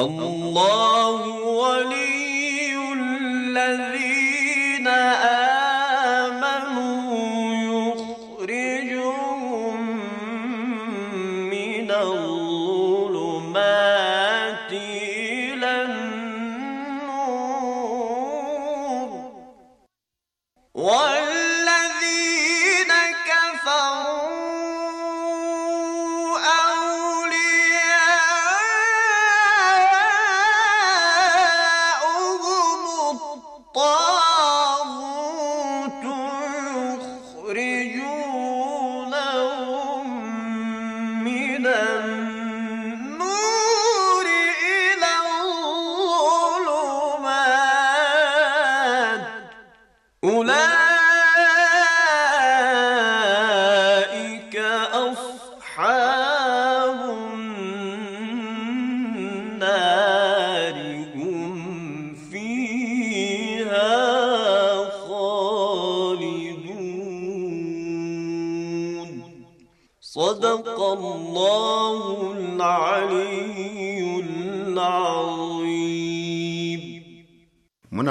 الله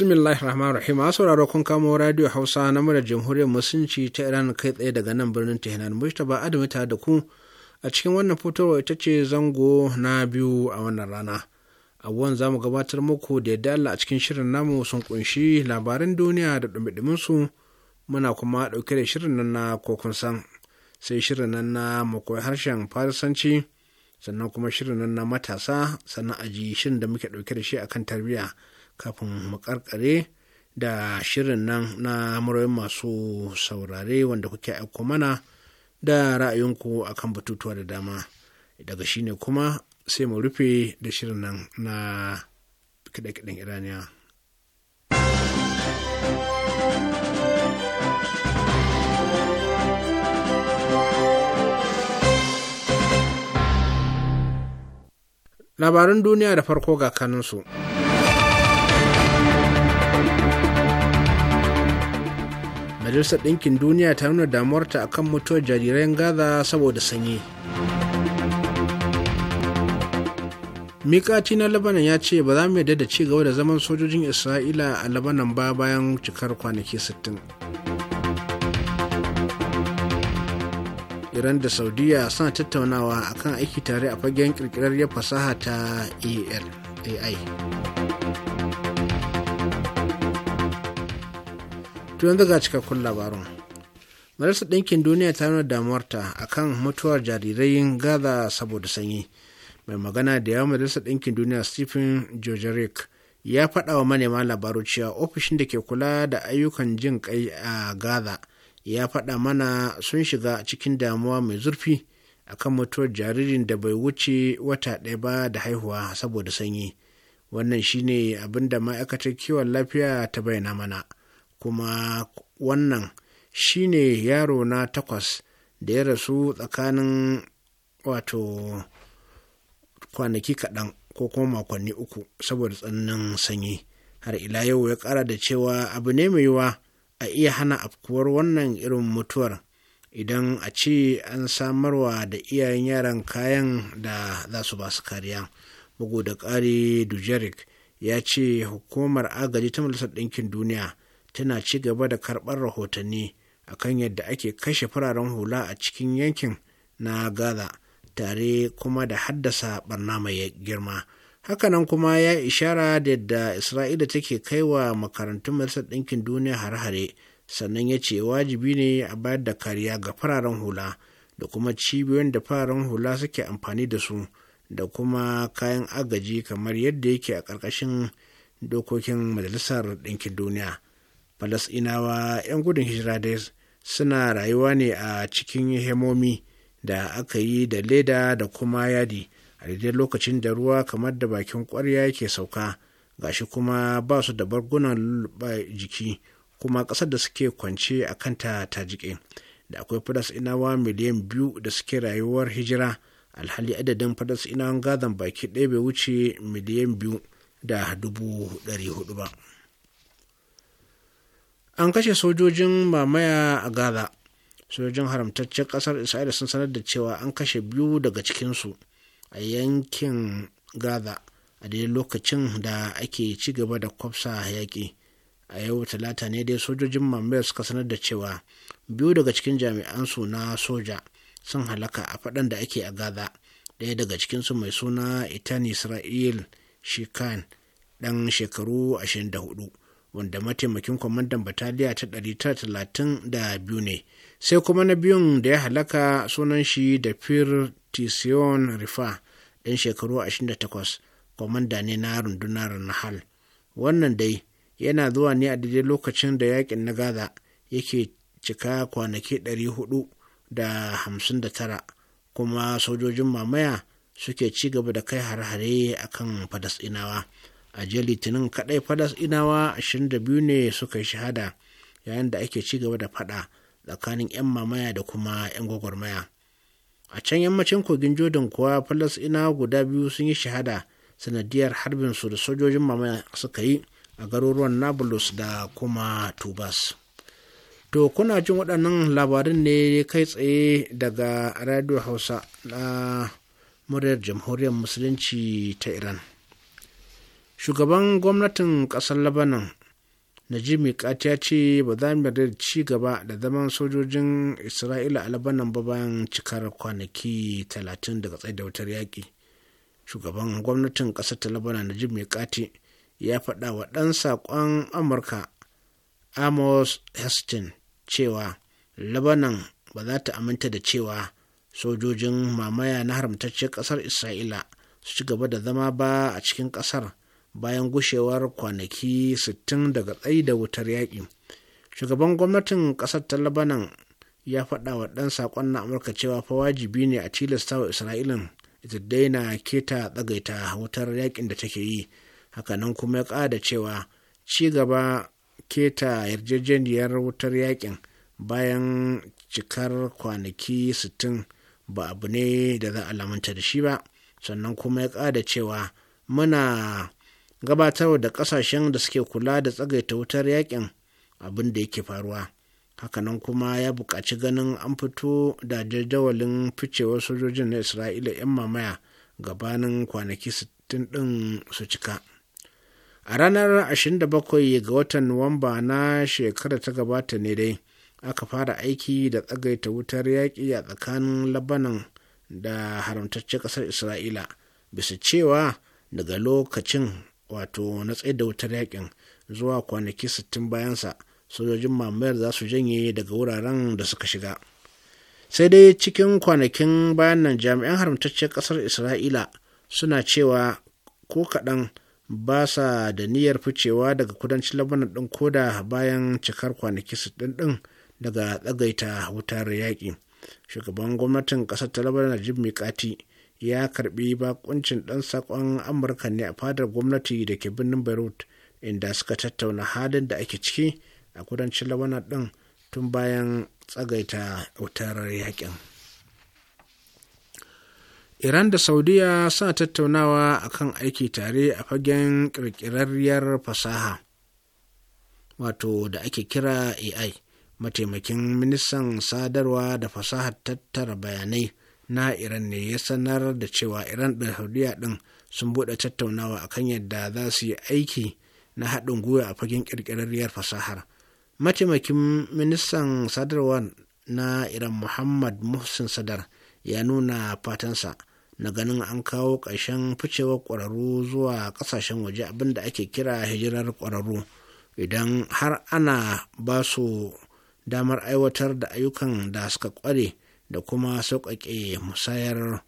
bismillahir rahmanir rahim a sauraro kun kamo radio hausa na murar jamhuriyar musulunci ta iran kai tsaye daga nan birnin tehran mustapha adamu ta da ku a cikin wannan fitowa ita ce zango na biyu a wannan rana abubuwan za zamu gabatar muku da yadda allah a cikin shirin namu sun kunshi labaran duniya da ɗumbiɗumin su muna kuma ɗauke da shirin nan na kokun san sai shirin nan na makoyi harshen farisanci sannan kuma shirin nan na matasa sannan a ji shirin da muke ɗauke da shi akan tarbiyya kafin mu karkare da shirin nan na murayin masu saurare wanda kuke aiko mana da ra'ayinku a kan batutuwa da dama daga shi ne kuma sai mu rufe da shirin nan na kiɗe-kiɗen iraniya labaran duniya da farko ga kanunsu. majalisar ɗinkin duniya ta nuna damuwar damuwarta akan mutuwar jariran gaza saboda sanyi mikati na labanan ya ce ba za mu yarda da ci gaba da zaman sojojin isra'ila a labanan ba bayan cikar kwanaki 60 iran da saudiya suna tattaunawa akan aiki tare a fagen kirkirar fasaha ta al ai to yanzu ga cikakkun labarun majalisar ɗinkin duniya ta nuna damuwarta a kan mutuwar jarirai gaza saboda sanyi mai magana da yawan majalisar ɗinkin duniya stephen jojeric ya faɗa wa manema labaru cewa ofishin da ke kula da ayyukan jin kai a gaza ya faɗa mana sun shiga cikin damuwa mai zurfi akan mutuwar jaririn da bai wuce wata ɗaya ba da haihuwa saboda sanyi wannan shine abin da ma'aikatar kiwon lafiya ta bayyana mana kuma wannan shi ne yaro na takwas da ya rasu tsakanin wato kwanaki kaɗan ko kuma makonni uku saboda tsananin sanyi har ila yau ya ƙara da cewa abu ne mai yiwa a iya hana afkuwar wannan irin mutuwar idan a ce an samarwa da iyayen yaran kayan da za su ba su kariya bugu da ƙari dujerik ya ce hukumar agaji ta majalisar ɗinkin duniya tana ci gaba da karɓar rahotanni akan yadda ake kashe fararen hula a cikin yankin na gaza tare kuma da haddasa barna mai girma hakanan kuma ya ishara da yadda isra'ila take kai wa makarantun majalisar ɗinkin duniya har-hare sannan ya ce wajibi ne a bayar da kariya ga fararen hula da kuma cibiyoyin da fararen hula suke amfani da su da kuma kayan agaji kamar yadda yake a ƙarƙashin dokokin majalisar ɗinkin duniya falasinawa 'yan gudun hijira dai suna rayuwa ne a cikin hemomi da aka yi da leda da kuma yadi a daidai lokacin da ruwa kamar da bakin kwarya ke sauka gashi kuma ba su da bargunan jiki kuma ƙasar da suke kwance a kanta ta jike da akwai falasinawa miliyan biyu da suke rayuwar hijira alhali adadin falasinawan gazan baki ɗaya bai wuce miliyan biyu da dubu ɗari hudu ba. an kashe sojojin mamaya a gaza sojojin haramtaccen kasar isra'ila sun sanar da cewa an kashe biyu daga cikinsu a yankin gaza a daidai lokacin da ake ci gaba da kwafsa yaƙi a yau talata ne dai sojojin mamaya suka sanar da cewa biyu daga cikin jami'ansu na soja sun halaka a faɗan da ake a gaza ɗaya daga cikinsu mai suna itan isra'il shikan ɗan shekaru 24 wanda mataimakin kwamandan bataliya ta 932 ne sai kuma na biyun da ya halaka sunan shi da fir tision rifa ɗan shekaru 28 kwamanda ne na rundunar nahal wannan dai yana zuwa ne a daidai lokacin da yakin na gaza yake cika kwanaki 459 kuma sojojin mamaya suke ci gaba da kai hare a kan fadas inawa. a jiya litinin kadai falasɗinawa 22 ne suka yi shahada yayin da ake ci gaba da fada tsakanin 'yan mamaya da kuma 'yan gwagwarmaya a can yammacin kogin jordan kuwa falasɗinawa guda biyu sun yi shahada sanadiyar harbin su da sojojin mamaya suka yi a garuruwan nablus da kuma tubas to kuna jin waɗannan labarin ne kai tsaye daga radio hausa na muryar jamhuriyar musulunci ta iran shugaban gwamnatin ƙasar labanan najib mikati ya ce ba za mu yarda da ci gaba da zaman sojojin isra'ila a labanan ba bayan cikar kwanaki talatin daga tsaye da wutar yaƙi shugaban gwamnatin ƙasar ta labanan najib mikati ya faɗa wa ɗan saƙon amurka amos heston cewa labanan ba za ta aminta da cewa sojojin mamaya na haramtacciyar ƙasar isra'ila su ci gaba da zama ba a cikin ƙasar bayan gushewar kwanaki 60 daga tsayi da wutar yaƙi shugaban gwamnatin ƙasar ta labanan ya faɗa wa ɗan saƙon na amurka cewa fa wajibi ne a tilasta wa isra'ilan ita daina keta tsagaita wutar yaƙin da take yi hakanan kuma ya ƙada cewa ci gaba keta yarjejeniyar wutar yaƙin bayan cikar kwanaki 60 ba abu ne da za a lamanta da shi ba sannan kuma ya ƙada cewa muna gabatarwa da ƙasashen da suke kula da tsagaita wutar yakin abin da yake faruwa hakanan kuma ya buƙaci ganin an fito da jadawalin ficewar sojojin na isra'ila 'yan mamaya gabanin kwanaki 60 ɗin su cika a ranar 27 ga watan nuwamba na shekara ta gabata ne dai aka fara aiki da tsagaita wutar yaƙi a tsakanin labanan da haramtacce ƙasar isra'ila bisa cewa daga lokacin wato na tsaye da wutar yakin zuwa kwanaki 60 bayansa sojojin mamayar za su janye daga wuraren da suka shiga sai dai cikin kwanakin bayan nan jami'an haramtacciyar ƙasar isra'ila suna cewa ko kaɗan ba sa da niyyar ficewa daga kudancin labanan ɗin ko da bayan cikar kwanaki 60 ɗin daga tsagaita wutar yaƙi shugaban gwamnatin ƙasar ta labanan jim mikati ya karbi bakuncin dan sakon amurka ne a fadar gwamnati da ke birnin beirut inda suka tattauna halin da ake ciki a kudancin lawana din tun bayan tsagaita wutar yakin iran da saudiya suna tattaunawa akan aiki tare a fagen kirkirarriyar fasaha wato da ake kira ai mataimakin ministan sadarwa da fasahar tattara bayanai na iran ne ya sanar da cewa iran da saudiya din sun buɗe tattaunawa akan yadda za su yi aiki na haɗin gwiwa a fagen ƙirƙirarriyar fasahar mataimakin ministan sadarwa na iran muhammad muhsin sadar ya nuna fatansa na ganin an kawo ƙarshen ficewar ƙwararru zuwa ƙasashen waje abinda ake kira hijirar ƙwararru idan har ana ba su damar aiwatar da ayyukan da suka ƙware da kuma sauƙaƙe musayar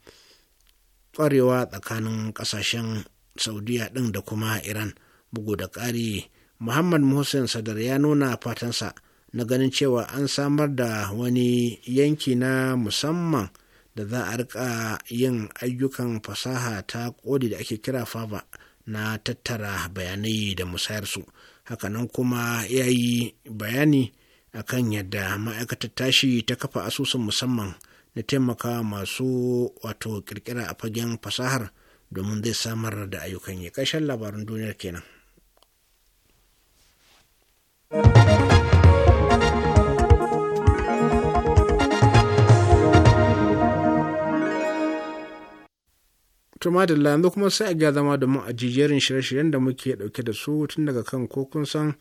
ƙwarewa tsakanin ƙasashen saudiya ɗin da kuma iran bugu da ƙari muhammad muhsin sadar ya nuna fatansa na ganin cewa an samar da wani yanki na musamman da za a rika yin ayyukan fasaha ta kodi da ake kira faba na tattara bayanai da musayar su, hakanan kuma ya yi bayani akan yadda ma'aikatar tashi ta kafa asusun musamman na taimaka masu wato kirkira a fagen fasahar domin zai samar da ayyukan yi ƙarshen labarin duniyar kenan. tuma da yanzu kuma sai a ga zama domin ajijiyarin shirye-shiryen da muke dauke da su tun daga kan ko kun san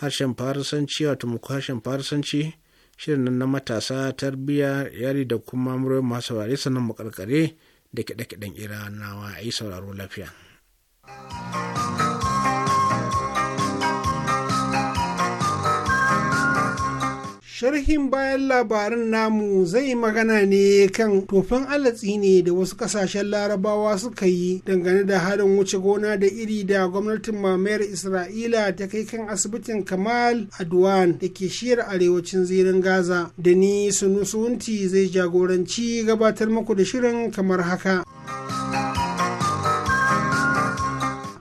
harshen farisanci wato muku harshen farisanci shirin nan na matasa tarbiyya yari da kuma muryoyin masu saurare sannan mu karkare da kiɗe-kiɗen iranawa a yi sauraro lafiya. Sharhin bayan labarin namu zai magana ne kan tofin alatsi ne da wasu kasashen larabawa suka yi dangane da harin wuce gona da iri da gwamnatin mamayar Isra'ila ta kai kan asibitin Kamal Adwan da ke shiyar arewacin zirin Gaza. Da ni Sunusunti zai jagoranci gabatar muku da shirin kamar haka.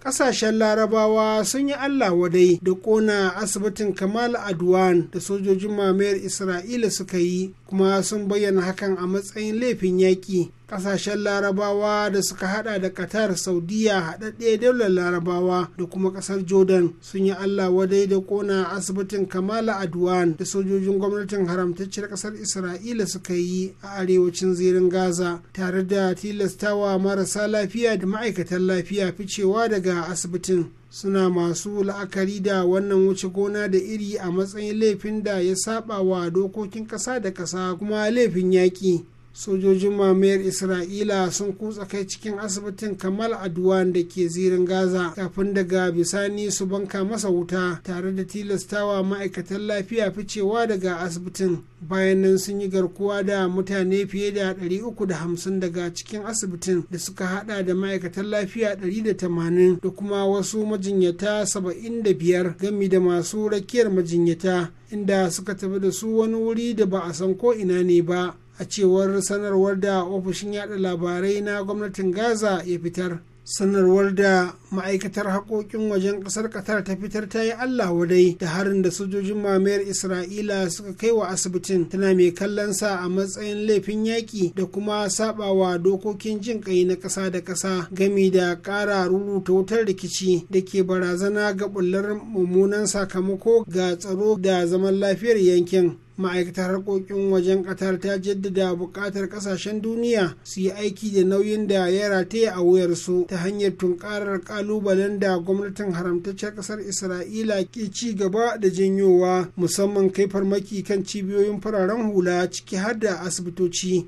kasashen larabawa sun yi allah wadai da kona asibitin kamal adwan da sojojin mamayar isra'ila suka yi kuma sun bayyana hakan a matsayin laifin yaƙi kasashen larabawa da suka hada da qatar saudiya haɗaɗɗe daular larabawa da kuma ƙasar jordan sun yi allah wadai da kona asibitin kamala adwan da sojojin gwamnatin haramtacciyar ƙasar isra'ila suka yi a arewacin zirin gaza tare da tilastawa marasa lafiya da ma'aikatan lafiya ficewa daga asibitin suna masu la'akari da wannan wuce gona da iri a matsayin laifin da ya saba wa dokokin ƙasa da ƙasa kuma laifin yaƙi sojojin mamayar isra'ila sun kutsa kai cikin asibitin kamal adwan da ke zirin gaza kafin daga bisani su banka masa wuta tare da tilastawa ma'aikatan lafiya ficewa daga asibitin bayan nan sun yi garkuwa da mutane fiye da 350 daga cikin asibitin da suka hada da ma'aikatan lafiya 180 da kuma wasu majinyata 75 gami da masu rakiyar majinyata inda suka tafi da su wani wuri da ba a san ko ina ne ba a cewar sanarwar da ofishin yada labarai na gwamnatin gaza ya fitar sanarwar da ma'aikatar haƙoƙin wajen ƙasar qatar ta fitar ta yi allah wadai da harin da sojojin mamayar isra'ila suka kai wa asibitin tana mai kallon sa a matsayin laifin yaƙi da kuma sabawa dokokin jin ƙai na ƙasa da ƙasa gami da ƙara rubuta wutar rikici da ke barazana ga bullar mummunan sakamako ga tsaro da zaman lafiyar yankin ma'aikatar harkokin wajen ƙatar ta jaddada buƙatar ƙasashen duniya su yi aiki da nauyin da ya rataya a wuyarsu ta hanyar tunkarar ƙalubalen da gwamnatin haramtaccen ƙasar isra'ila ke ci gaba da janyowa musamman kai farmaki kan cibiyoyin fararen hula ciki har da asibitoci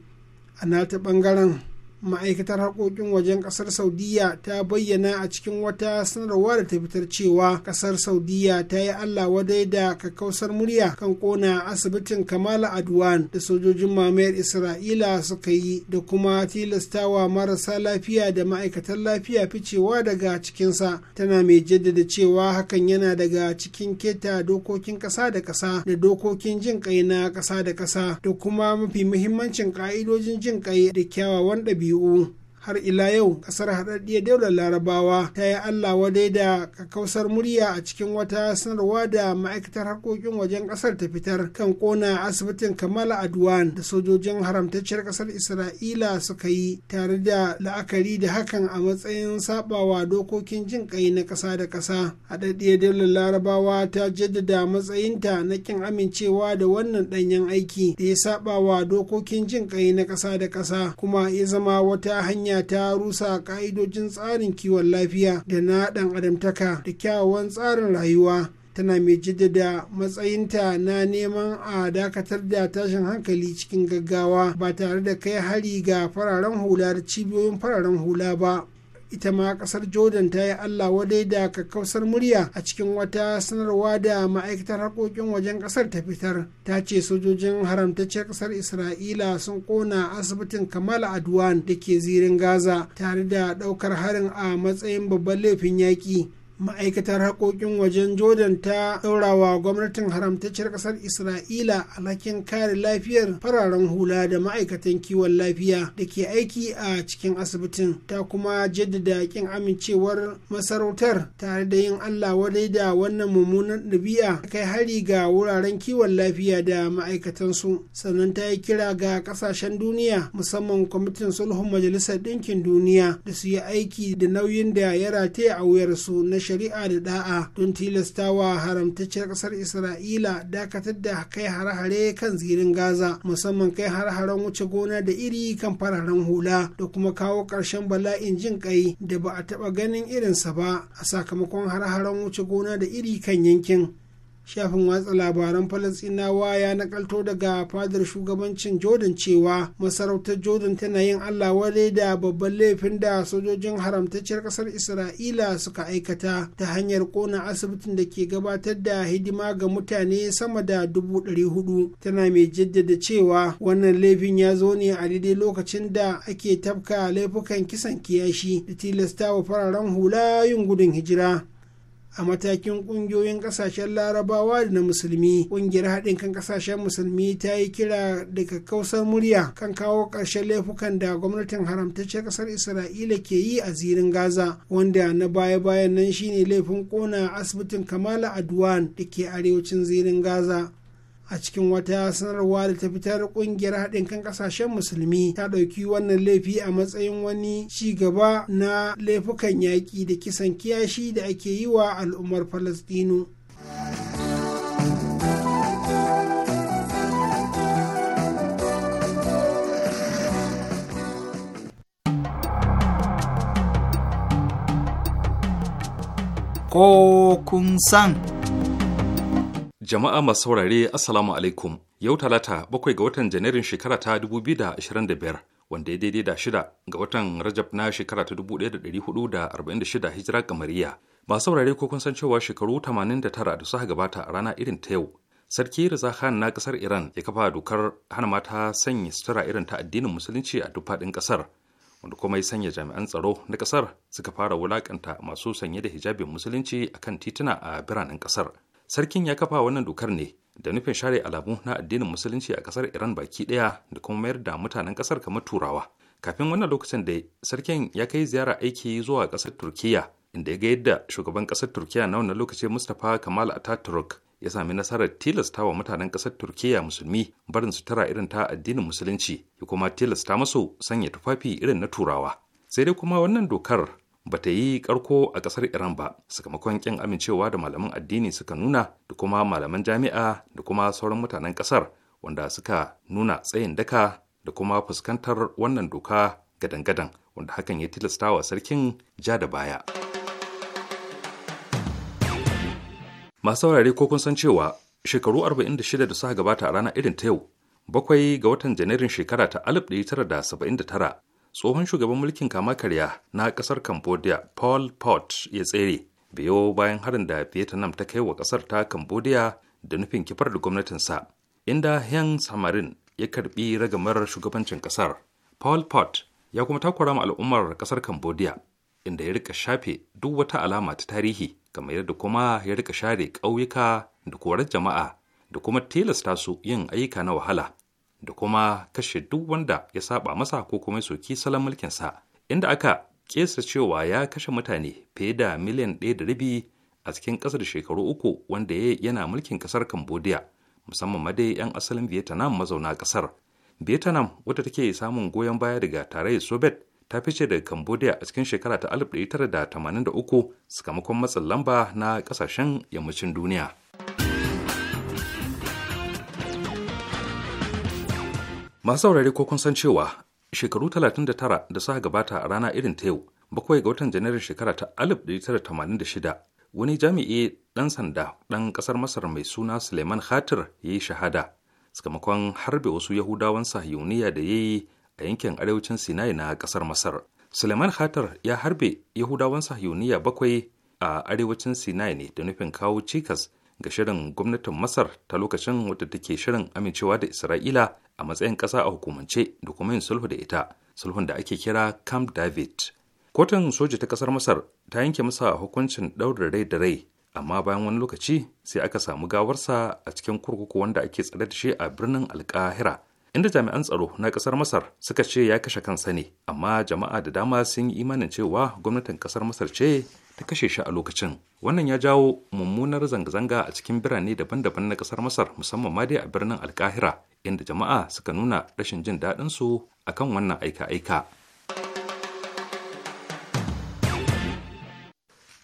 a nata ɓangaren ma'aikatar haƙoƙin wajen ƙasar saudiya ta bayyana a cikin wata sanarwa da ta fitar cewa ƙasar saudiya ta yi allah wadai da kakkausar murya kan ƙona asibitin kamala adwan da sojojin mamayar isra'ila suka yi da kuma tilastawa marasa lafiya da ma'aikatan lafiya ficewa daga cikinsa tana mai jaddada cewa hakan yana daga cikin keta dokokin ƙasa da ƙasa da dokokin jin ƙai na ƙasa da ƙasa da kuma mafi muhimmancin ƙa'idojin jin ƙai da kyawawan ɗabi'u 2001 har ila yau kasar haɗaɗɗiyar daular larabawa ta yi allah wadai da kakausar murya a cikin wata sanarwa da ma'aikatar harkokin wajen ƙasar ta fitar kan kona asibitin kamal adwan da sojojin haramtacciyar ƙasar isra'ila suka yi tare da la'akari da hakan a matsayin sabawa dokokin jin ƙai na ƙasa da ƙasa haɗaɗɗiyar daular larabawa ta jaddada matsayinta na kin amincewa da wannan ɗanyen aiki da ya sabawa dokokin jin kai na ƙasa da ƙasa kuma ya zama wata hanya kenya ta rusa ka'idojin tsarin kiwon lafiya da na ɗan adamtaka da kyawawan tsarin rayuwa tana mai jaddada matsayinta na neman a dakatar da tashin hankali cikin gaggawa ba tare da kai hari ga fararen hula da cibiyoyin fararen hula ba ita ma kasar jordan ta yi allah wadai da kakkausar murya a cikin wata sanarwa da ma'aikatar harkokin wajen kasar ta fitar ta ce sojojin haramtacciyar kasar isra'ila sun kona asibitin kamal adwan da ke zirin gaza tare da daukar harin a matsayin babban laifin yaƙi ma'aikatar haƙoƙin wajen jordan ta ɗaurawa gwamnatin haramtacciyar ƙasar isra'ila alhakin kare lafiyar fararen hula da ma'aikatan kiwon lafiya da ke aiki a cikin asibitin ta kuma jaddada ƙin amincewar masarautar tare da yin allah wadai da wannan mummunan ɗabi'a kai hari ga wuraren kiwon lafiya da ma'aikatansu sannan ta yi kira ga ƙasashen duniya musamman kwamitin sulhun majalisar ɗinkin duniya da su yi aiki da nauyin da ya rataya a wuyarsu na shari'a da da'a don tilastawa haramtacciyar ƙasar isra'ila dakatar da kai hare-hare kan zirin gaza musamman kai hare-haren wuce gona da iri kan fararen hula da kuma kawo ƙarshen bala'in jin ƙai da ba a taɓa ganin irinsa ba a sakamakon hare-haren wuce gona da iri kan yankin shafin watsa labaran falasinawa ya nakalto daga fadar shugabancin jordan cewa masarautar jordan tana yin allah wale da babban laifin da sojojin haramtacciyar kasar isra'ila suka aikata ta hanyar kona asibitin da ke gabatar da hidima ga mutane sama da dubu ɗari hudu tana mai jaddada cewa wannan laifin ya zo ne a daidai lokacin da ake tafka laifukan kisan kiyashi da tilasta wa fararen hula yin gudun hijira a matakin kungiyoyin kasashen larabawa da na musulmi kungiyar haɗin kan kasashen musulmi ta yi kira daga kausar murya kan kawo ƙarshen laifukan da gwamnatin haramtaccen ƙasar isra'ila ke yi a zirin gaza wanda na baya-bayan nan shine laifin ƙona asibitin kamala adwan da ke arewacin zirin gaza a cikin wata sanarwa da ta fitar kungiyar haɗin kan ƙasashen musulmi ta ɗauki wannan laifi a matsayin wani ci gaba na laifukan yaƙi da kisan kiyashi da ake yi wa al'ummar falastinu Ko kun san. Jama'a masu saurare Assalamu alaikum. Yau talata bakwai ga watan Janairun shekara ta 2025 wanda ya daidai da shida ga watan Rajab na shekara ta 1446 hijira kamariya. Masu saurare ko kun san cewa shekaru 89 da suka gabata a rana irin ta yau. Sarki Reza Khan na kasar Iran ya kafa dokar hana mata sanya sutura irin ta addinin musulunci a duk faɗin kasar. Wanda kuma ya sanya jami'an tsaro na kasar suka fara wulakanta masu sanye da hijabin musulunci akan tituna a biranen kasar. sarkin ya kafa wannan dokar ne da nufin share alamu na addinin musulunci a kasar iran baki daya da kuma mayar da mutanen kasar kamar turawa kafin wannan lokacin da sarkin ya kai ziyara aiki zuwa kasar turkiya inda ya ga yadda shugaban kasar turkiya na wannan lokaci mustapha kamal ataturk ya sami nasarar tilasta wa mutanen kasar turkiya musulmi barin su tara irin ta addinin musulunci ya kuma tilasta masu sanya tufafi irin na turawa sai dai kuma wannan dokar ba ta yi karko a kasar Iran ba sakamakon kyan amincewa da malaman addini suka nuna da kuma malaman jami'a da kuma sauran mutanen kasar wanda suka nuna tsayin daka da kuma fuskantar wannan doka gadan-gadan wanda hakan ya tilasta wa sarkin ja da baya. Masu saurare ko kun san cewa shekaru 46 da suka gabata a rana irin ta yau, bakwai ga watan Janairun shekara ta 1979 tsohon shugaban mulkin kama karya na kasar cambodia paul pot ya tsere biyo bayan harin da vietnam ta kai wa kasar ta cambodia da nufin kifar da gwamnatinsa inda heng samarin ya karbi ragamar shugabancin kasar paul pot ya kuma takura ma al'ummar kasar cambodia inda ya rika shafe duk wata alama ta tarihi kamar yadda kuma ya rika share ƙauyuka da korar jama'a da kuma tilasta su yin ayyuka na wahala da kuma kashe duk wanda ya saba masa ko kuma soki salon mulkin sa inda aka kesa cewa ya kashe mutane fiye da miliyan ɗaya da rabi a cikin ƙasar shekaru uku wanda ya yana mulkin ƙasar cambodia musamman ma dai 'yan asalin vietnam mazauna ƙasar vietnam wata take samun goyon baya daga tarayyar soviet ta fice daga cambodia a cikin shekara ta 1983 sakamakon matsin lamba na ƙasashen yammacin duniya masu saurare ko kun san cewa shekaru 39 da suka gabata a rana irin ta yau bakwai ga watan janairun shekara ta 1986 wani jami'i ɗan sanda ɗan ƙasar masar mai suna suleiman khatir ya yi shahada sakamakon harbe wasu yahudawan sahiyuniya da ya yi a yankin arewacin sinai na ƙasar masar suleiman Khatir ya harbe yahudawan sahiyuniya bakwai a arewacin sinai ne da nufin kawo cikas ga shirin gwamnatin masar ta lokacin wadda take shirin amincewa da isra'ila a matsayin ƙasa a hukumance da kuma yin sulhu da ita sulhun da ake kira camp david kotun soja ta ƙasar masar ta yanke masa hukuncin ɗaurin rai da rai amma bayan wani lokaci sai aka samu gawarsa a cikin kurkuku wanda ake tsare da shi a birnin alkahira inda jami'an tsaro na ƙasar masar suka ce ya kashe kansa ne amma jama'a da dama sun yi imanin cewa gwamnatin ƙasar masar ce ta kashe shi a lokacin wannan ya jawo mummunar zanga-zanga a cikin birane daban-daban na kasar masar musamman ma dai a birnin alkahira inda jama'a suka nuna rashin jin daɗin daɗinsu akan wannan aika-aika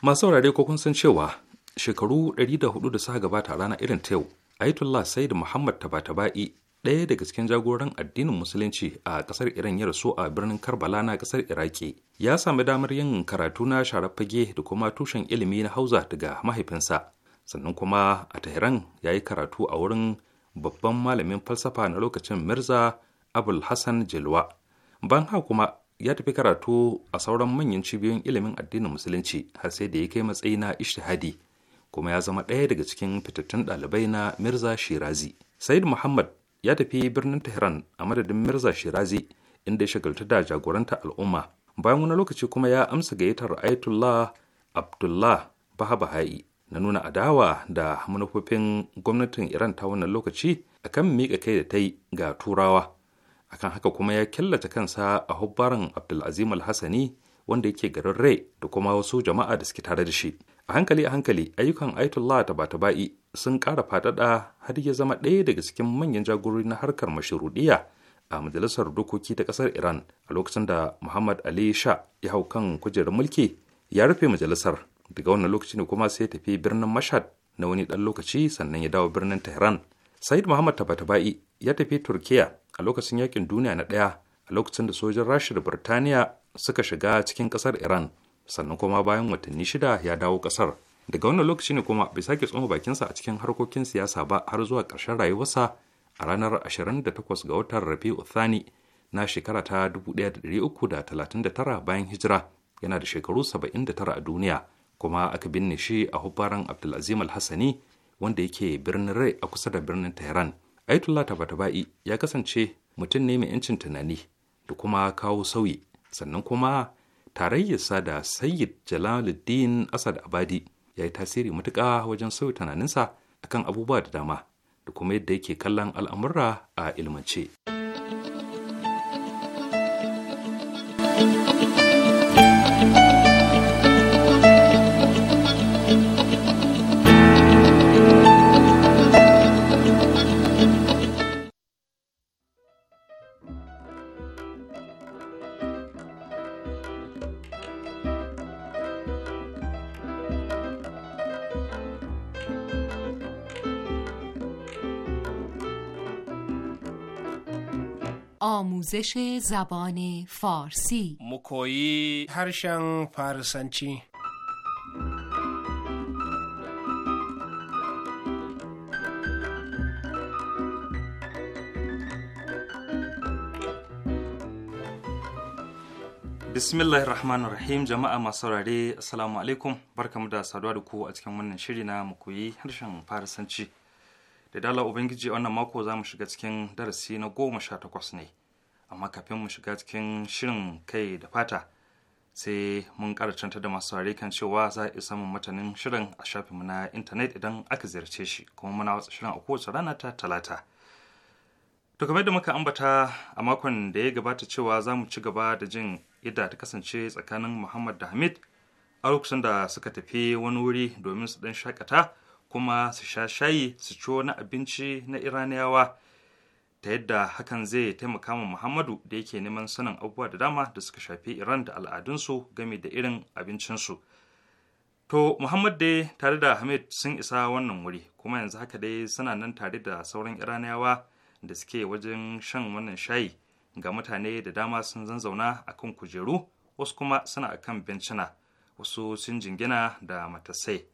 masu wurare ko kun san cewa shekaru 104 da suka gabata a ranar irin ta yau Aitullah said muhammad tabatabai ɗaya daga cikin jagoran addinin musulunci a ƙasar iran ya rasu a birnin karbala na ƙasar iraki ya sami damar yin karatu na sharafage da kuma tushen ilimi na hauza daga mahaifinsa sannan kuma a tehran ya yi karatu a wurin babban malamin falsafa na lokacin mirza abul hassan jelwa ban ha kuma ya tafi karatu a sauran manyan cibiyoyin ilimin addinin musulunci har sai da ya kai matsayi na ishtihadi kuma ya zama ɗaya daga cikin fitattun ɗalibai na mirza shirazi said muhammad ya tafi birnin tehran a madadin mirza shirazi inda ya shagaltu da jagoranta al'umma bayan wani lokaci kuma ya amsa gayyatar "Aitullah abdullah baha baha'i na nuna adawa da manufofin gwamnatin iran ta wannan lokaci akan miƙa kai da ta yi ga turawa akan haka kuma ya killace kansa a hubbaran abdulazim al-hassani wanda yake garin rai da kuma wasu jama'a da suke tare da shi a hankali a hankali ayyukan aitullah tabatabai sun ƙara faɗaɗa har ya zama ɗaya daga cikin manyan jagorori na harkar mashuruɗiya a majalisar dokoki ta ƙasar iran a lokacin da muhammad ali sha ya hau kan kujerar mulki ya rufe majalisar daga wannan lokaci ne kuma sai ya tafi birnin mashhad na wani ɗan lokaci sannan ya dawo birnin tehran said muhammad tabatabai ya tafi turkiya a lokacin yakin duniya na ɗaya a lokacin da sojin rashid da birtaniya suka shiga cikin ƙasar iran sannan kuma bayan watanni shida ya dawo kasar daga wannan lokaci ne kuma bai sake tsoma bakinsa a cikin harkokin siyasa ba har zuwa karshen rayuwarsa a ranar 28 ga watan rabi'u thani na shekara ta 1339 bayan hijira yana da shekaru 79 a duniya kuma aka binne shi a hubbaran abdulazim alhassani wanda yake birnin rai a kusa da birnin tehran aitullah tabatabai ya kasance mutum ne mai 'yancin tunani da kuma kawo sauyi sannan kuma tarayyarsa da sayyid jalaluddin asad abadi ya yi tasiri matuƙa wajen sauya tunaninsa akan abubuwa da dama da kuma yadda yake kallon al'amurra a ilmance. آموزش زبان فارسی مکویی هرشن فارسنچی bismillahir rahman rahim jama'a masu saurare assalamu alaikum barkamu da saduwa da ku a cikin wannan shiri na mu koyi harshen farisanci da dala ubangiji wannan mako za mu shiga cikin darasi na goma sha takwas ne amma kafin mu shiga cikin shirin kai da fata sai mun karatanta da masu saurare kan cewa za a iya samun matanin shirin a shafinmu na intanet idan aka ziyarce shi kuma muna watsa shirin a kowace rana ta talata to kamar da muka ambata a makon da ya gabata cewa za mu ci gaba da jin yadda ta kasance tsakanin muhammad da hamid a lokacin da suka tafi wani wuri domin su dan shakata kuma su sha shayi su ciwo na abinci na iraniyawa ta yadda hakan zai taimaka ma muhammadu da yake neman sanin abubuwa da dama da suka shafi iran da al'adunsu game da irin abincinsu to muhammad dai tare da hamid sun isa wannan wuri kuma yanzu haka dai suna nan tare da sauran iraniyawa da suke wajen shan wannan shayi ga mutane da dama sun zanzauna akan kujeru wasu kuma suna a kan bencina wasu sun jingina da matasai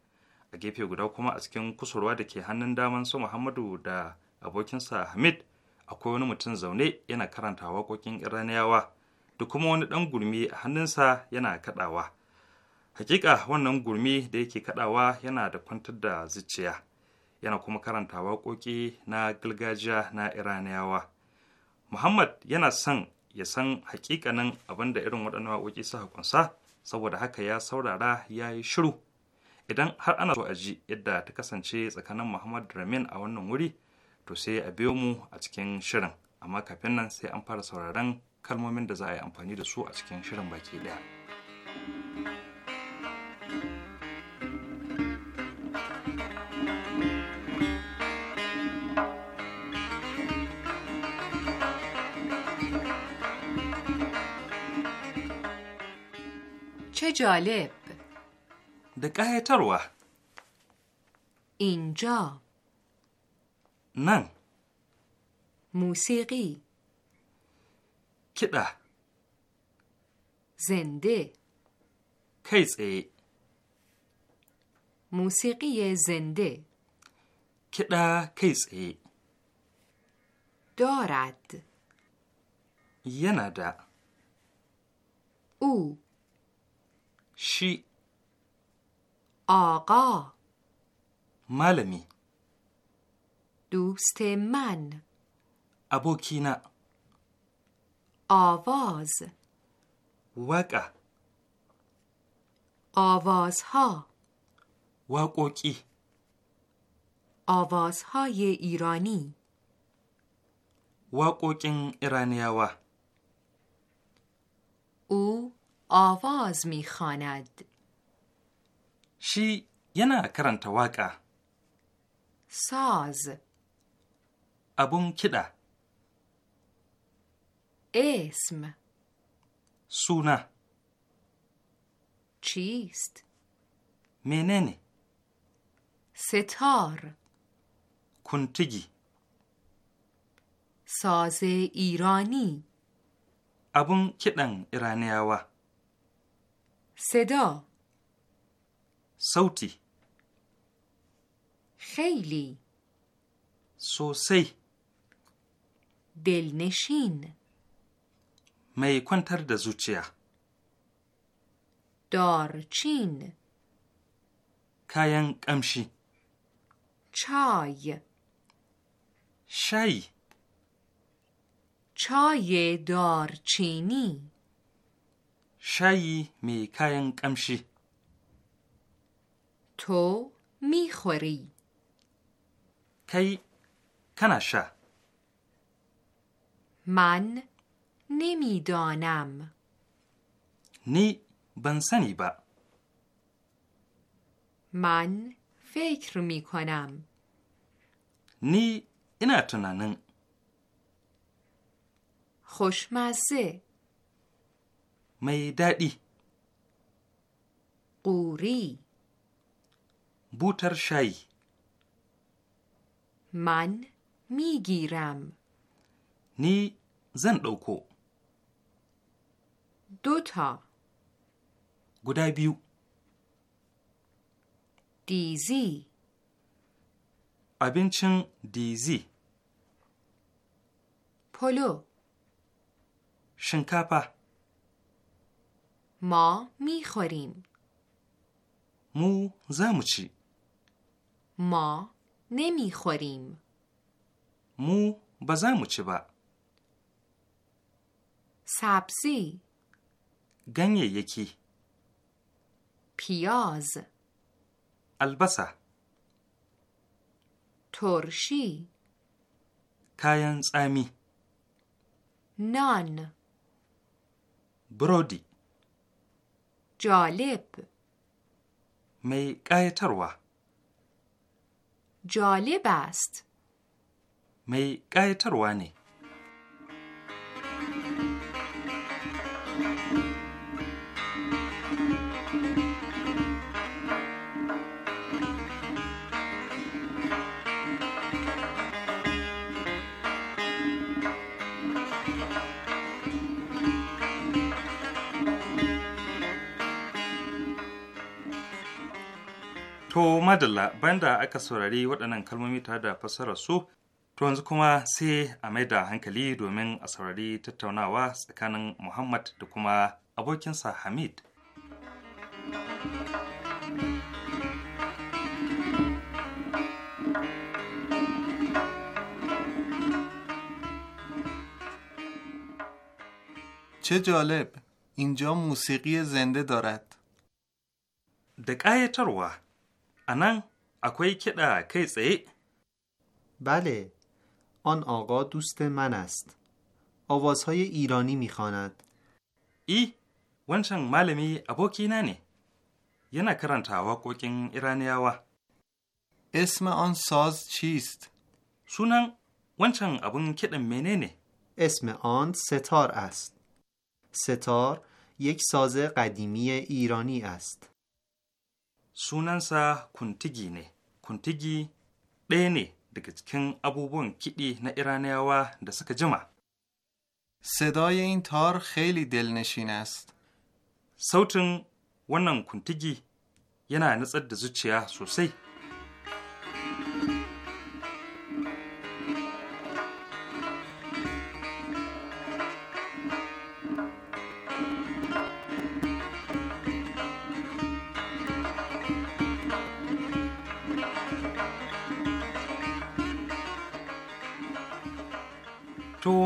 a gefe guda kuma a cikin kusurwa da ke hannun daman su muhammadu da abokinsa hamid akwai wani mutum zaune yana karanta waƙoƙin iraniyawa da kuma wani ɗan gurmi a hannunsa yana kaɗawa hakika wannan gurmi da yake kaɗawa yana da kwantar da zuciya yana kuma karanta waƙoƙi na gargajiya na iraniyawa muhammad yana son ya san hakikanin abin da irin waɗannan waƙoƙi suka kunsa saboda haka ya saurara ya yi shiru idan har ana so a ji yadda ta kasance tsakanin muhammad ramin a wannan wuri to sai a biyo mu a cikin shirin amma kafin nan sai an fara sauraron kalmomin da za a yi amfani da su a cikin shirin baki daya چه جالب! da ƙayatarwa. Inja. nan musiki kiɗa zende kai tsaye musiki zende kiɗa kai tsaye dorad yana da u shi aga malami دوست من ابوکینا آواز وقع آوازها واقوکی آوازهای ایرانی واقوکین ایرانیاوا او آواز میخواند شی ینا کرنت واقع ساز abun kiɗa. Esm Suna cist Menene Setar Kuntigi Saze Irani Abun kiɗan Iraniyawa Seda Sauti Khaili Sosai دلنشین می کنتر د زوچیا دارچین کاین قمشی چای شای چای دارچینی شایی می کاین قمشی تو میخوری کی کنه من نمیدانم نی بنسنی با من فکر می کنم نی اینا تنانن خوشمزه می دادی قوری بوتر شای من میگیرم نی زن ɗauko. دوتا گدا بیو دیزی abincin دیزی پلو شنکاپا ما میخوریم مو زموچی ما نمیخوریم مو بزموچی با سبزی یکی پیاز البسه ترشی کاین امی نان برودی جالب می قایتروا جالب است می قایتروا نی To madalla banda aka saurari waɗannan kalmomi tare da fassarar su to yanzu kuma sai a mai da hankali domin a saurari tattaunawa tsakanin Muhammad da kuma abokinsa Hamid. چه جالب اینجا موسیقی زنده دارد دقایتروه انن اکوی کدا کی بله آن آقا دوست من است آوازهای ایرانی میخواند ای wancan malami abokina ne yana karanta ایرانی iraniyawa اسم آن ساز چیست؟ سونن wancan abun kiɗan menene اسم آن ستار است ستار یک ساز قدیمی ایرانی است sunansa kuntigi ne kuntigi ɗaya ne daga cikin abubuwan kiɗi na iraniyawa da suka jima صدای این تار خیلی Del sautin wannan kuntigi yana nutsar da zuciya sosai.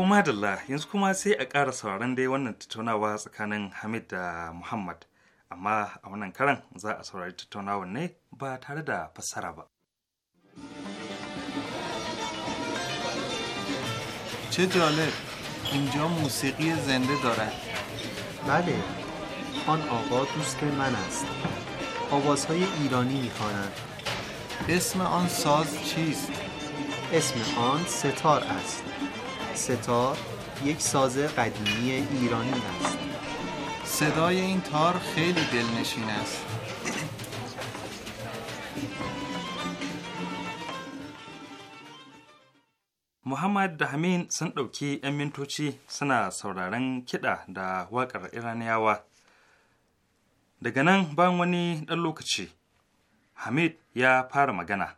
madalla yanzu kuma sai a ƙara sauraron dai wannan tattaunawa tsakanin Hamid da Muhammad. Amma a wannan karan za a saurari tattaunawar ne ba tare da fassara ba. چه جالب اینجا موسیقی زنده bale بله آن آقا دوست من است آوازهای ایرانی میخواند اسم آن ساز چیست اسم آن ستار است ستار یک ساز قدیمی ایرانی است صدای این تار خیلی دلنشین است Muhammad da Hamin sun ɗauki 'yan mintoci suna sauraron kiɗa da waƙar Iraniyawa. Daga nan bayan wani ɗan lokaci, Hamid ya fara magana,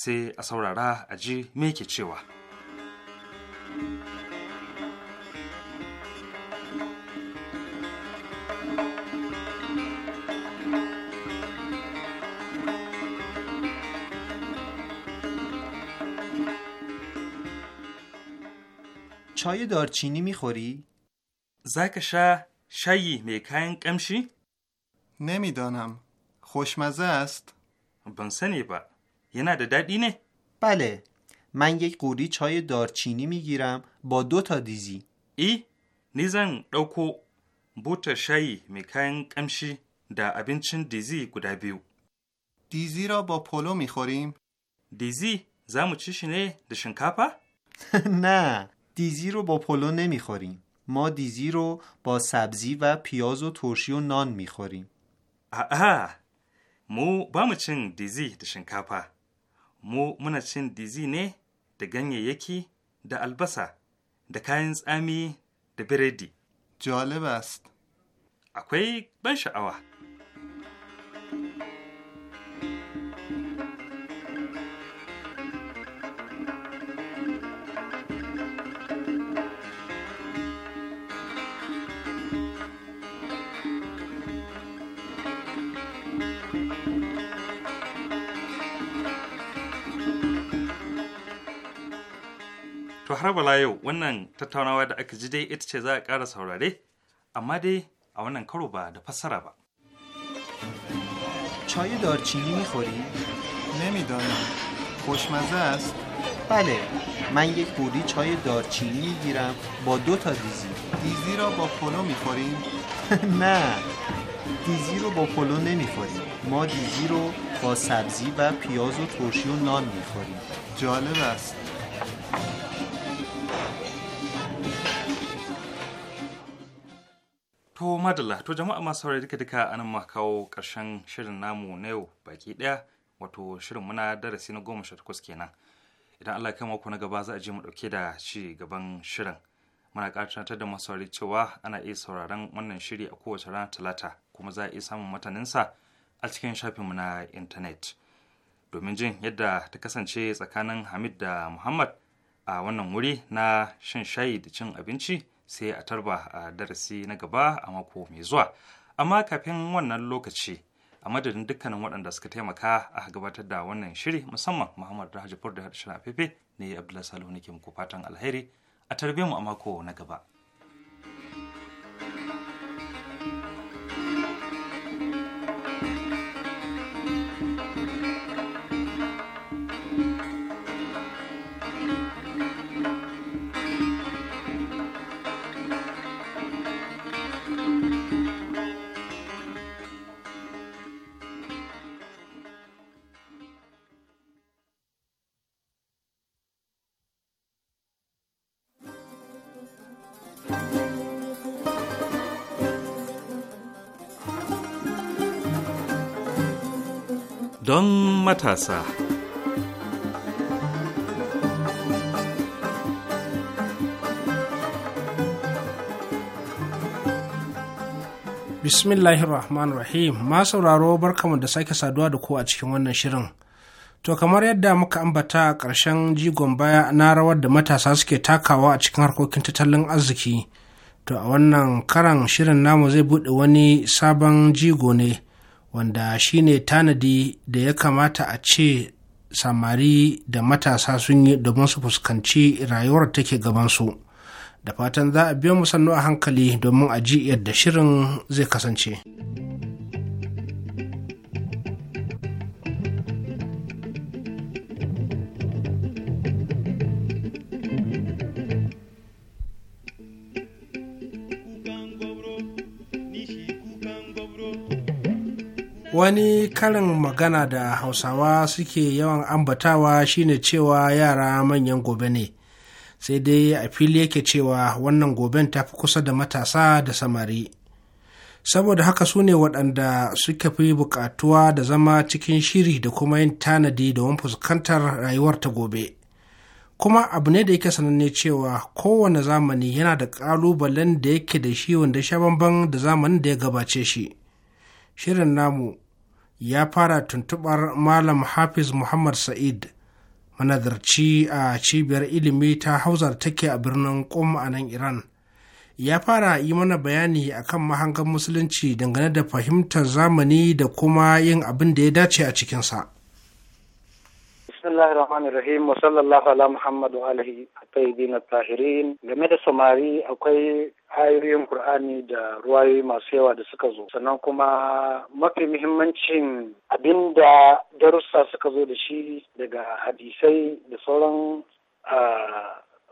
sai a saurara a ji me ke cewa. چای دارچینی میخوری؟ زک شه شایی میکنگ کمشی؟ نمیدانم خوشمزه است؟ بنسنی با یه نده دردی نه؟ بله من یک قوری چای دارچینی میگیرم با دو تا دیزی ای نیزن دوکو بوت شایی میکن کمشی دا ابینچن دیزی گودا بیو دیزی را با پولو میخوریم دیزی زمو چیشی نه دا کپا؟ نه دیزی رو با پولو نمیخوریم ما دیزی رو با سبزی و پیاز و ترشی و نان میخوریم آه مو با دیزی دشن کپا. مو منچن دیزی نه da ganyayyaki da albasa da kayan tsami da biredi. جالب akwai ban sha'awa. To har bala yau wannan tattaunawa da aka ji dai ita ce za a ƙara saurare, amma dai a wannan karo ba da fassara ba. چای دارچینی میخوری؟ نمیدانم خوشمزه است؟ بله من یک بودی چای دارچینی میگیرم با دو تا دیزی دیزی را با پلو میخوریم؟ نه دیزی رو با پلو نمیخوریم ما دیزی رو با سبزی و پیاز و ترشی و نان میخوریم جالب است To madalla, to jama'a masu saurari duka duka anan ma kawo ƙarshen shirin namu na yau baki ɗaya wato shirin muna darasi na goma sha takwas kenan. Idan Allah kai mako na gaba za a je mu ɗauke da ci gaban shirin. Muna ƙarfatar da masu saurari cewa ana iya sauraron wannan shiri a kowace rana talata kuma za a iya samun mataninsa a cikin shafinmu na intanet. Domin jin yadda ta kasance tsakanin Hamid da Muhammad a wannan wuri na shan shayi da cin abinci sai a tarba a darasi na gaba a mako mai zuwa amma kafin wannan lokaci a madadin dukkanin waɗanda suka taimaka a gabatar da wannan shiri musamman muhammad da da hadishin afefe ne abdullahi salihu ke muku fatan alheri a tarbe mu a mako na gaba. matasa. Rahim, ma sauraro barkamu da sake saduwa da ku a cikin wannan shirin. To kamar yadda muka ambata a ƙarshen jigon baya na rawar da matasa suke takawa a cikin harkokin tattalin arziki. To a wannan karan shirin namu zai buɗe wani sabon jigo ne. wanda shi ne tanadi da ya kamata a ce samari da matasa sun yi domin su fuskanci rayuwar take gabansu da fatan za a biyo musannu a hankali domin a ji yadda shirin zai kasance. wani karin magana da hausawa suke yawan ambatawa shine cewa yara manyan gobe ne sai dai a fili yake cewa wannan goben ta fi kusa da matasa da samari saboda haka su ne waɗanda suka fi buƙatuwa da zama cikin shiri da kuma yin tanadi domin fuskantar rayuwar ta gobe kuma abu ne da yake sananne cewa kowane zamani yana da ƙalubalen da yake da shi wanda sha bamban da zamanin da ya gabace shi shirin namu ya fara tuntubar Malam Hafiz Muhammad Sa'id, manazarci a cibiyar ilimi ta Hausa da take a birnin Qom a nan Iran. Ya fara yi mana bayani a kan mahangan musulunci dangane da fahimtar zamani da kuma yin abin da ya dace a cikinsa. بسم Allah rahman rahim wa sallallahu ala Muhammad wa alihi tayyibin game da samari akwai ayoyin Kur'ani da ruwayoyi masu yawa da suka zo sannan kuma mafi muhimmancin abinda darussa suka zo da shi daga hadisai da sauran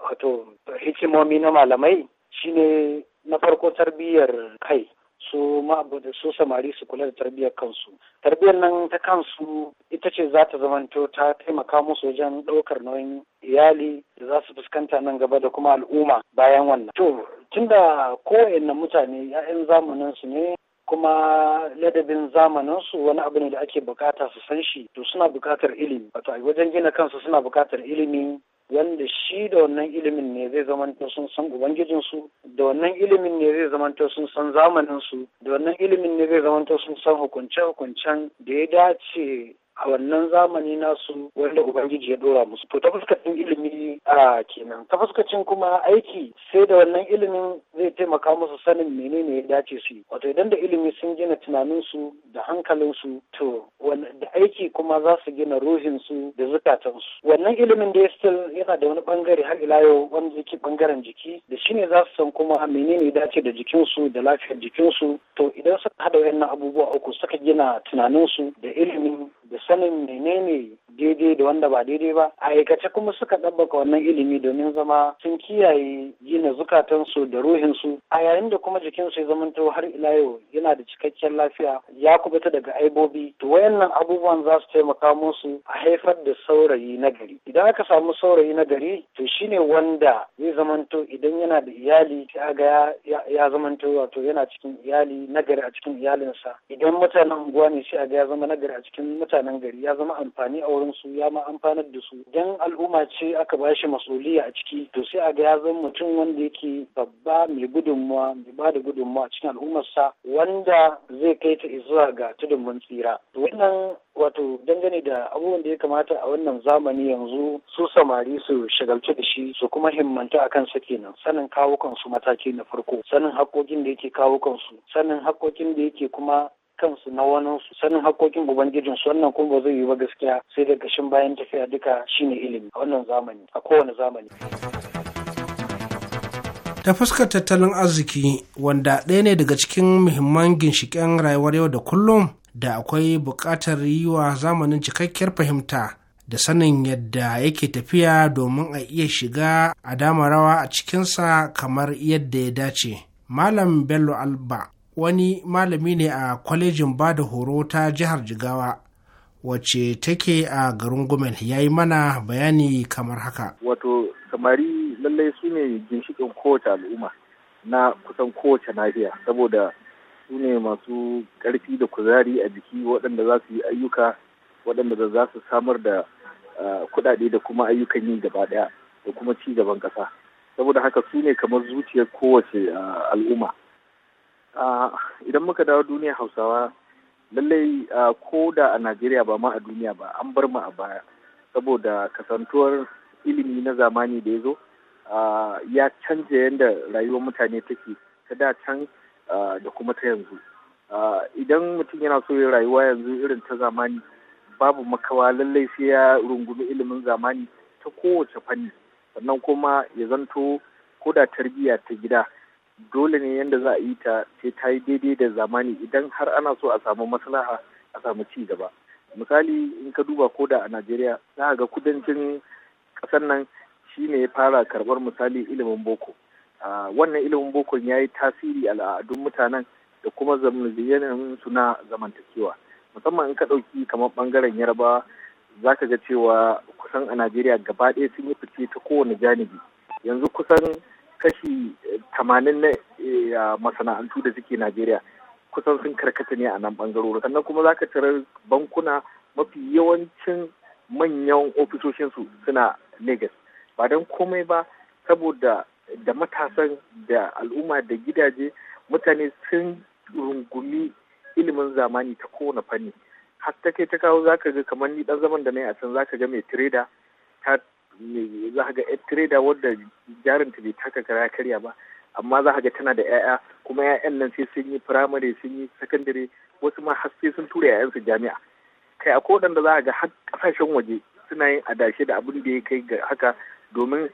wato hikimomi na malamai shine na farko tarbiyyar kai su ma'abuda su samari su kula da tarbiyyar kansu tarbiyyar nan ta kansu ita ce za ta zamanto ta taimaka musu wajen ɗaukar nauyin iyali da za su fuskanta nan gaba da kuma al'umma bayan wannan to tunda kowanne mutane 'ya'yan zamaninsu ne kuma ladabin zamaninsu wani abu ne da ake bukata su san shi to suna bukatar ilimi wato wajen gina kansu suna bukatar ilimi wanda shi da wannan ilimin ne zai zamanta sun san ubangijinsu da wannan ilimin ne zai zamanta sun san zamaninsu da wannan ilimin ne zai zamanta sun san hukunce-hukuncen da ya dace a wannan zamani nasu wanda ubangiji ya dora musu to ta fuskacin ilimi a kenan ta fuskacin kuma aiki sai da wannan ilimin zai taimaka musu sanin menene ya dace su yi wato idan da ilimi sun gina tunaninsu da hankalinsu to da aiki kuma za su gina ruhinsu da su wannan ilimin da ya still yana da wani bangare har ila yau wanda yake bangaren jiki da shine za su san kuma menene ya dace da jikinsu da lafiyar jikinsu to idan suka hada wayannan abubuwa uku suka gina tunaninsu da ilimin da sanin menene daidai da wanda ba daidai ba a aikace kuma suka ɗabbaka wannan ilimi domin zama sun kiyaye gina zukatansu da ruhinsu a yayin da kuma jikinsu ya zamanto har ila yau yana da cikakken lafiya ya kubuta daga aibobi to wayannan abubuwan za su taimaka musu a haifar da saurayi na gari idan aka samu saurayi na gari to shine wanda zai zamanto idan yana da iyali sai aga ya, ya zamanto wato yana cikin iyali na gari a cikin iyalinsa idan mutanen unguwa ne sai ga ya zama na gari a cikin mutanen gari ya zama amfani a wurin su ya ma amfanar da su dan al'umma ce aka ba shi mas'uliya a ciki to sai a ga ya zama mutum wanda yake babba mai gudunmawa mai ba da gudunmawa a cikin al'ummarsa wanda zai kai ta zuwa ga tudun tsira to wannan wato dangane da abubuwan da ya kamata a wannan zamani yanzu su samari su shagalci da shi su kuma himmanta akan su kenan sanin kawukan su mataki na farko sanin hakokin da yake kawukan su sanin hakokin da yake kuma kansu na wani sanin hakokin ubangijin su wannan kuma ba zai yi ba gaskiya sai da gashin bayan tafiya duka shine ilimi a wannan zamani a kowane zamani. ta fuskar tattalin arziki wanda ɗaya ne daga cikin muhimman ginshiƙen rayuwar yau da kullum da akwai buƙatar yi wa zamanin cikakkiyar fahimta da sanin yadda yake tafiya domin a iya shiga a dama rawa a cikinsa kamar yadda ya dace. Malam Bello Alba wani malami ne a kwalejin ba da horo ta jihar jigawa wacce take a garin gumel ya yi mana bayani kamar haka wato samari lallai su ne ginshikin kowace al'umma na kusan kowace nahiya saboda su ne masu ƙarfi da kuzari a jiki waɗanda za su yi ayyuka waɗanda za su samar da kuɗaɗe da kuma ayyukan yi gaba ɗaya da kuma ci gaban ƙasa saboda haka su ne kamar zuciyar kowace al'umma idan muka dawo duniya hausawa lallai ko da a najeriya ba ma a duniya ba an bar mu a baya saboda kasantuwar ilimi na zamani da ya zo ya canza yadda rayuwar mutane take ta da can da kuma ta yanzu idan mutum yana so ya rayuwa yanzu irin ta zamani babu makawa lallai sai ya rungumi ilimin zamani ta kowace fanni sannan kuma ya zanto ko da tarbiyya ta gida dole ne yadda za a yi ta sai ta yi daidai da zamani idan har ana so a samu maslaha a samu ci gaba misali in ka duba da a najeriya za ga kudancin ƙasar nan shi ne ya fara karɓar misali ilimin boko wannan ilimin bokon ya yi tasiri al'adun mutanen da kuma yanayin su na zamantakewa musamman in ka ɗauki kamar ɓangaren yarbawa za ka ga cewa kusan a najeriya gaba ɗaya sun yi fice ta kowane janibi yanzu kusan kashi eh, tamanin na eh, masana'antu da suke Najeriya kusan sun karkata ne a nan bangarori sannan kuma za ka tarar bankuna mafi yawancin manyan ofisoshinsu suna Legas ba don komai ba saboda da matasan da al'umma da gidaje mutane sun rungumi ilimin zamani ta kowane fanni har ta kai ta kawo zaka ga kamar ni dan zaman da na yi a can zaka ga mai tireda ta za ka ga yar trader wadda jarinta bai taka kara karya ba amma za ga tana da 'ya'ya kuma 'ya'yan nan sai sun yi firamare sun yi sakandare wasu ma har sai sun tura 'ya'yansu jami'a kai a waɗanda za ka ga har ƙasashen waje suna yin adashe da abin da ya kai ga haka domin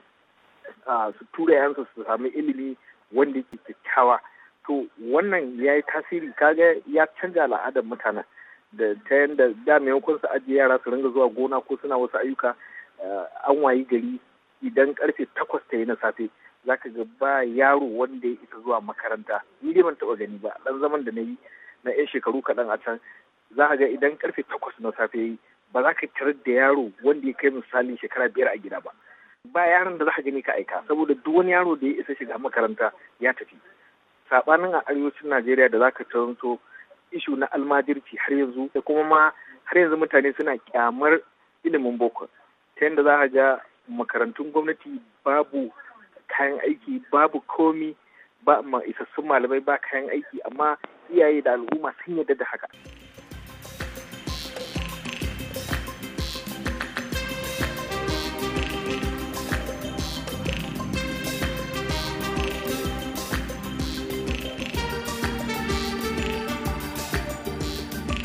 su tura 'ya'yansu su sami ilimi wanda yake kyakkyawa to wannan ya yi tasiri kaga ya canja al'adar mutanen da ta yadda da maimakon su ajiye yara su ringa zuwa gona ko suna wasu ayyuka Eh, an wayi gari idan karfe takwas ta yi na safe za ka ga ba yaro wanda ya isa zuwa makaranta ni dai ban taɓa gani ba ɗan zaman da na yi na 'yan shekaru kaɗan a can za ka ga idan karfe takwas na safe yi ba za ka tarar da yaro wanda ya kai misali shekara biyar a gida ba ba yaron da za ka gani ka aika saboda duk wani yaro da ya isa shiga makaranta ya tafi saɓanin a arewacin najeriya da za ka taranto ishu na almajirci har yanzu da kuma ma har yanzu mutane suna kyamar ilimin boko ta yadda za a ga makarantun gwamnati babu kayan aiki babu komi ba ma isassun malamai ba kayan aiki amma iyaye da al'umma sun yarda da haka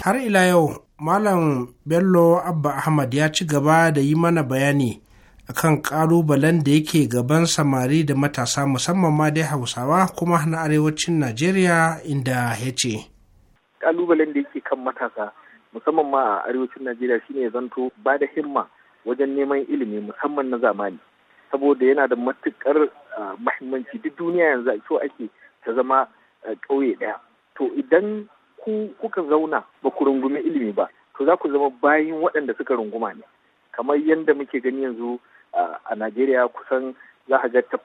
har ila yau Malam Bello Abba Ahmad ya ci gaba da yi mana bayani akan ƙalubalen da yake gaban samari da matasa musamman ma dai Hausawa kuma na arewacin Najeriya inda ya ce. Ƙalubalen da yake kan matasa musamman ma a arewacin Najeriya shine zanto ba da himma wajen neman ilimi musamman na zamani saboda yana da matuƙar mahimmanci duk duniya yanzu a ake ta zama ƙauye ɗaya. To idan ku kuka zauna ba ku rungumi ilimi ba to za ku zama bayin waɗanda suka runguma ne kamar yadda muke gani yanzu a najeriya kusan za ka ga ta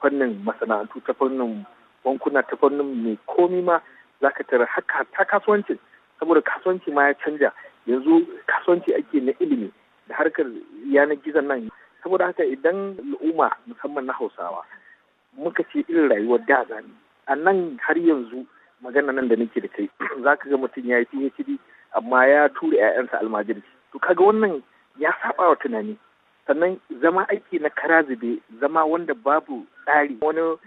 masana'antu ta fannin bankuna ta mai komi ma za ka tara haka ta kasuwanci. saboda kasuwanci ma ya canja yanzu kasuwanci ake na ilimi da harkar yanar gizon nan saboda haka idan al'umma musamman na hausawa muka ce irin rayuwar da a nan har yanzu magana nan da nake da kai za ka ga mutum ya yi PhD amma ya tura 'ya'yansa almajirci to kaga wannan ya saba wa tunani sannan zama aiki na kara zube zama wanda babu tsari wani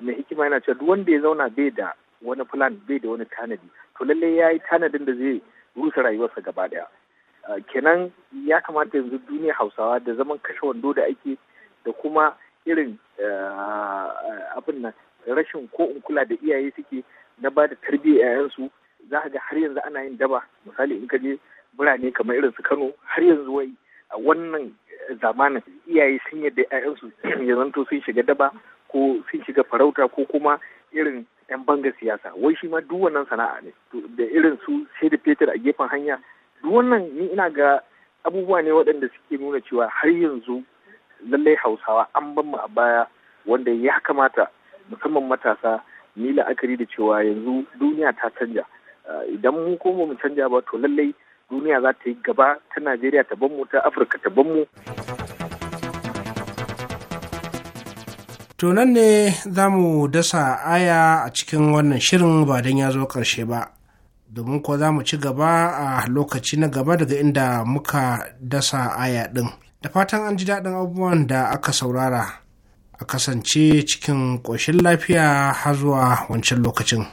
mai hikima yana cewa duk wanda ya zauna bai da wani plan bai da wani tanadi to lallai ya yi tanadin da zai rusa rayuwarsa gaba daya kenan ya kamata yanzu duniya hausawa da zaman kashe wando da ake da kuma irin abin nan rashin ko in kula da iyaye suke na ba da tarbiyyar 'ya'yansu za ka ga har yanzu ana yin daba misali in ka je birane kamar irin su kano har yanzu wai a wannan zamanin iyaye sun yadda 'ya'yansu ya zanto sun shiga daba ko sun shiga farauta ko kuma irin 'yan banga siyasa wai shi ma duk wannan sana'a ne da irin su sai da fetur a gefen hanya duk wannan ni ina ga abubuwa ne waɗanda suke nuna cewa har yanzu lallai hausawa an ban mu a baya wanda ya kamata musamman matasa ni la'akari da cewa yanzu duniya ta canja ah, idan mu ko mu canja ba to lallai duniya za ta yi gaba ta najeriya ta banmu ta afirka ta banmu To nan ne za mu dasa aya a cikin wannan shirin ba don ya zo ƙarshe ba, domin kuwa za mu ci gaba a lokaci na gaba daga inda muka dasa aya ɗin. Da fatan an ji daɗin abubuwan da aka saurara. a kasance cikin ƙoshin lafiya har zuwa wancan lokacin.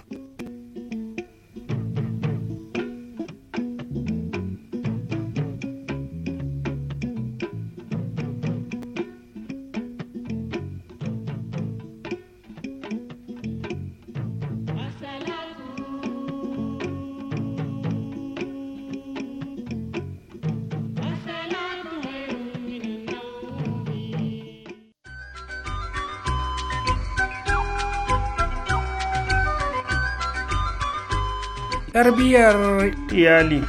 tarbiyyar iyali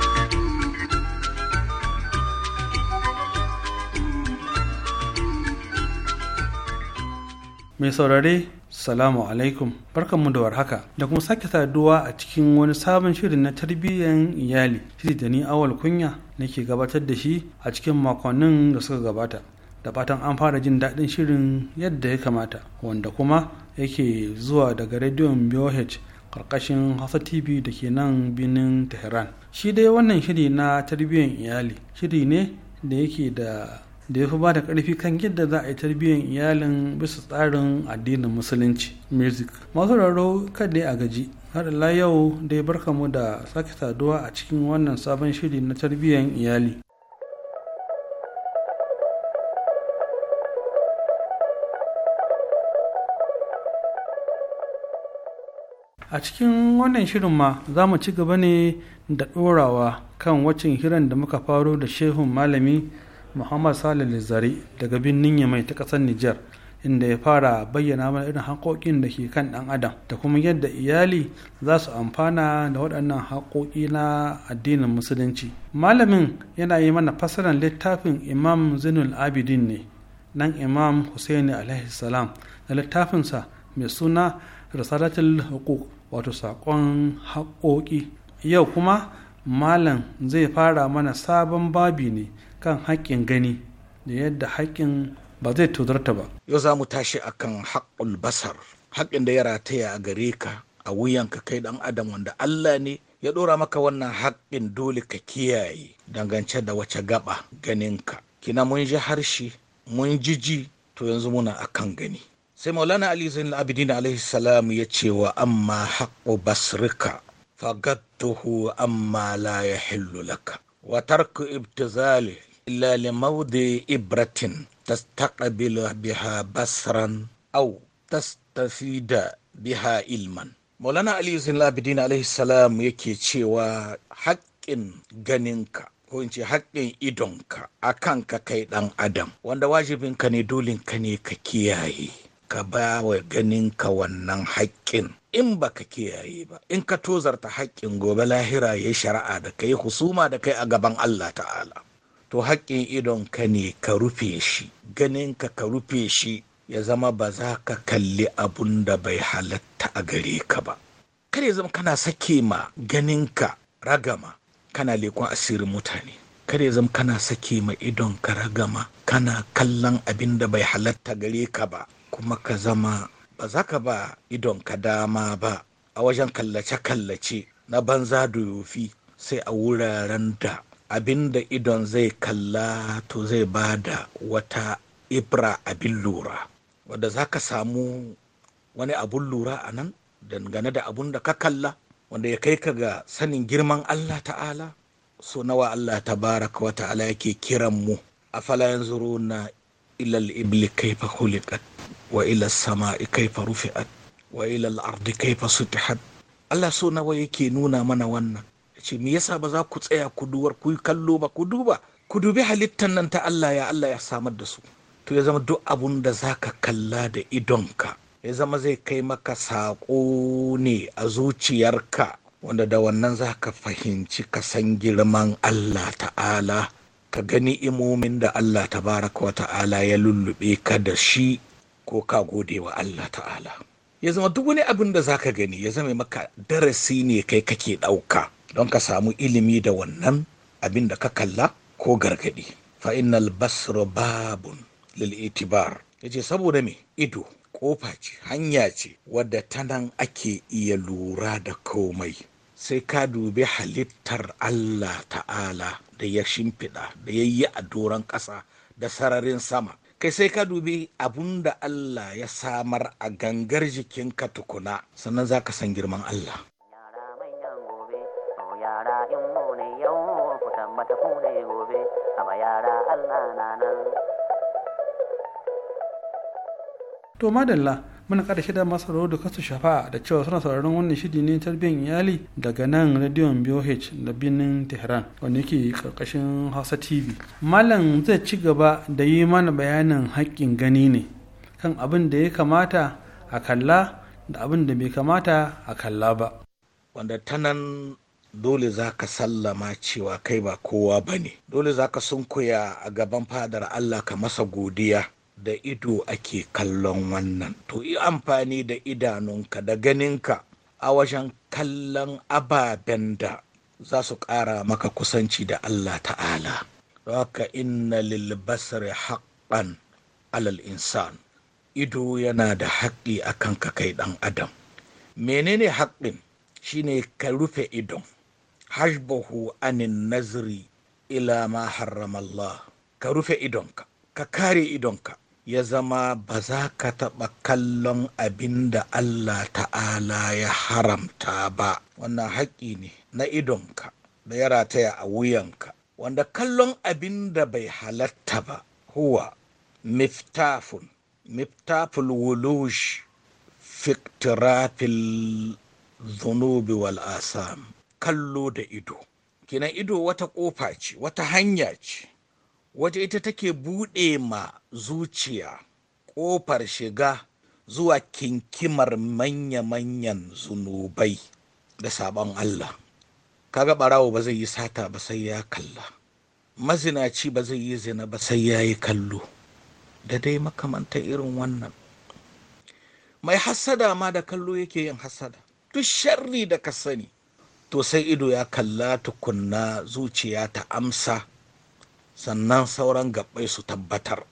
mai saurare salamu alaikum barkanmu da warhaka da kuma sake saduwa a cikin wani sabon shirin na tarbiyyar iyali shiri da ni awal kunya nake gabatar da shi a cikin makonnin da suka gabata da fatan an fara jin daɗin shirin yadda ya kamata wanda kuma yake zuwa daga rediyon BOH karkashin hausa tv da ke nan birnin tehran shi dai wannan shiri na tarbiyyar iyali shiri ne da yake da da ya fi ba da ƙarfi kan yadda za a yi tarbiyyar iyalin bisa tsarin addinin musulunci music masu raro kada a gaji har yau dai barkamu da sake saduwa a cikin wannan sabon shiri na tarbiyyar iyali a cikin wannan shirin ma za mu ci gaba ne da ɗorawa kan wacin hiran da muka faro da shehun malami muhammad salih zari daga birnin yamai ta ƙasar nijar inda ya fara bayyana mana irin haƙoƙin da ke kan ɗan adam da kuma yadda iyali za su amfana da waɗannan haƙoƙi na addinin musulunci malamin yana yi mana fassarar littafin imam zinul abidin ne ɗan imam husaini alaihi salam da littafinsa mai suna risalatul hukuk wato saƙon haƙoƙi yau kuma malam zai fara mana sabon babi ne kan haƙƙin gani da yadda haƙƙin ba zai tozarta ba yau za mu tashi akan haƙƙul basar haƙƙin da ya rataya a gare ka a wuyanka kai ɗan adam wanda allah ne ya ɗora maka wannan haƙƙin dole ka kiyaye dangance da wace gaba ganinka kina mun ji harshe mun ji ji to yanzu muna akan gani sai maulana ali zain al-abidin alaihi ya ce wa amma haqqu basrika fagadtuhu amma la ya laka wa tarku ibtizali illa li mawdi ibratin tastaqbilu biha basran aw tastafida biha ilman maulana ali zain al-abidin alaihi salam yake cewa haƙƙin ganinka ko in ce haƙƙin idonka a kanka kai ɗan adam wanda wajibinka ne dolinka ne ka kiyaye ka ba wa ganinka wannan haƙƙin in ba ka kiyaye ba in ka tozarta haƙƙin gobe lahira ya shari'a da kai husuma da kai a gaban Allah ta'ala to haƙƙin idon ka ne ka rufe shi ganinka ka rufe shi ya zama ba za ka kalli abun da bai halatta a gare ka ba Kada ya zama kana sake ma ganinka ragama kana lekon asirin mutane Kada ya zama kana sake ma idon ka ragama kana kallon abin da bai halatta gare ka ba kuma ka zama ba za ka ba idon ka dama ba a wajen kallace-kallace na banza da yofi sai a wuraren da abin da idon zai kalla to zai ba da wata ibra abin lura wadda za ka samu wani abun lura a nan dangane da abun da ka kalla wanda ya kai ka ga sanin girman Allah ta'ala so nawa Allah ta baraka wata ala yake kiran mu a falayan zuru na ilal al-ibli kayfa khuliqat wa ila as-sama'i kayfa rufi'at wa ardi kayfa sutihat Allah so nawa yake nuna mana wannan ce me yasa ba za ku tsaya ku duwar ku kallo ba ku duba ku dubi halittan nan ta Allah ya Allah ya samar da su to ya zama duk abun da zaka kalla da idonka ya zama zai kai maka saƙo ne a zuciyarka wanda da wannan zaka fahimci ka san girman Allah ta'ala ka gani imomin da Allah baraka wa ta'ala ya lullube ka da shi ko ka gode wa Allah ta'ala ya zama duk wani abin da za ka gani ya zama maka darasi ne kai kake ɗauka don ka samu ilimi da wannan abin da ka kalla ko gargaɗi. fa innal basra babun lil itibar ce saboda me ido ƙofa ce hanya ce wadda ta nan ake iya lura da komai sai ka dubi halittar Allah ta'ala da ya shimfiɗa da ya yi a doron ƙasa da sararin sama kai sai ka dubi abun da Allah ya samar a gangar jikinka tukuna sannan za ka san girman Allah yara ne yau to madalla muna kada shida masu da kasu shafa da cewa suna sauraron wannan shidi ne tarbiyyar iyali daga nan rediyon BOH da birnin Tehran wanda yake karkashin Hausa TV. Malam zai ci gaba da yi mana bayanin haƙƙin gani ne kan abin da ya kamata a kalla da abin da bai kamata a kalla ba. Wanda ta nan dole za ka sallama cewa kai ba kowa ba ne dole za ka sunkuya a gaban fadar allah ka masa godiya da ido ake kallon wannan to yi amfani da idanunka da ganinka a wajen kallon ababen da za su ƙara maka kusanci da Allah ta'ala haka inna lil basari haqqan alal insan ido yana da haƙƙi akan ka kai ɗan adam menene haƙƙin shine ka rufe idon hajbahu anin nazri ila ma haramallah! ka rufe idonka ka kare idonka ya zama ba za ka taɓa kallon abin da Allah ta'ala ya haramta ba wannan haƙƙi ne na idonka da ya rataya a wuyanka wanda kallon abin da bai halatta ba huwa miftafun miftaful wulush fiktirafil zunubi wal asam kallo da ido kina ido wata ƙofa ce wata hanya ce Waje ita take buɗe ma zuciya ƙofar shiga zuwa kinkimar manya-manyan zunubai da sabon Allah. Kaga ɓarawo ba zai yi sata ba sai ya kalla, mazinaci ba zai yi zina ba sai ya yi kallo, da dai makamanta irin wannan. Mai hassada ma da kallo yake yin hassada, duk sharri da ka sani, to sai ido ya kalla tukunna zuciya ta amsa. sannan sauran gabbai su tabbatar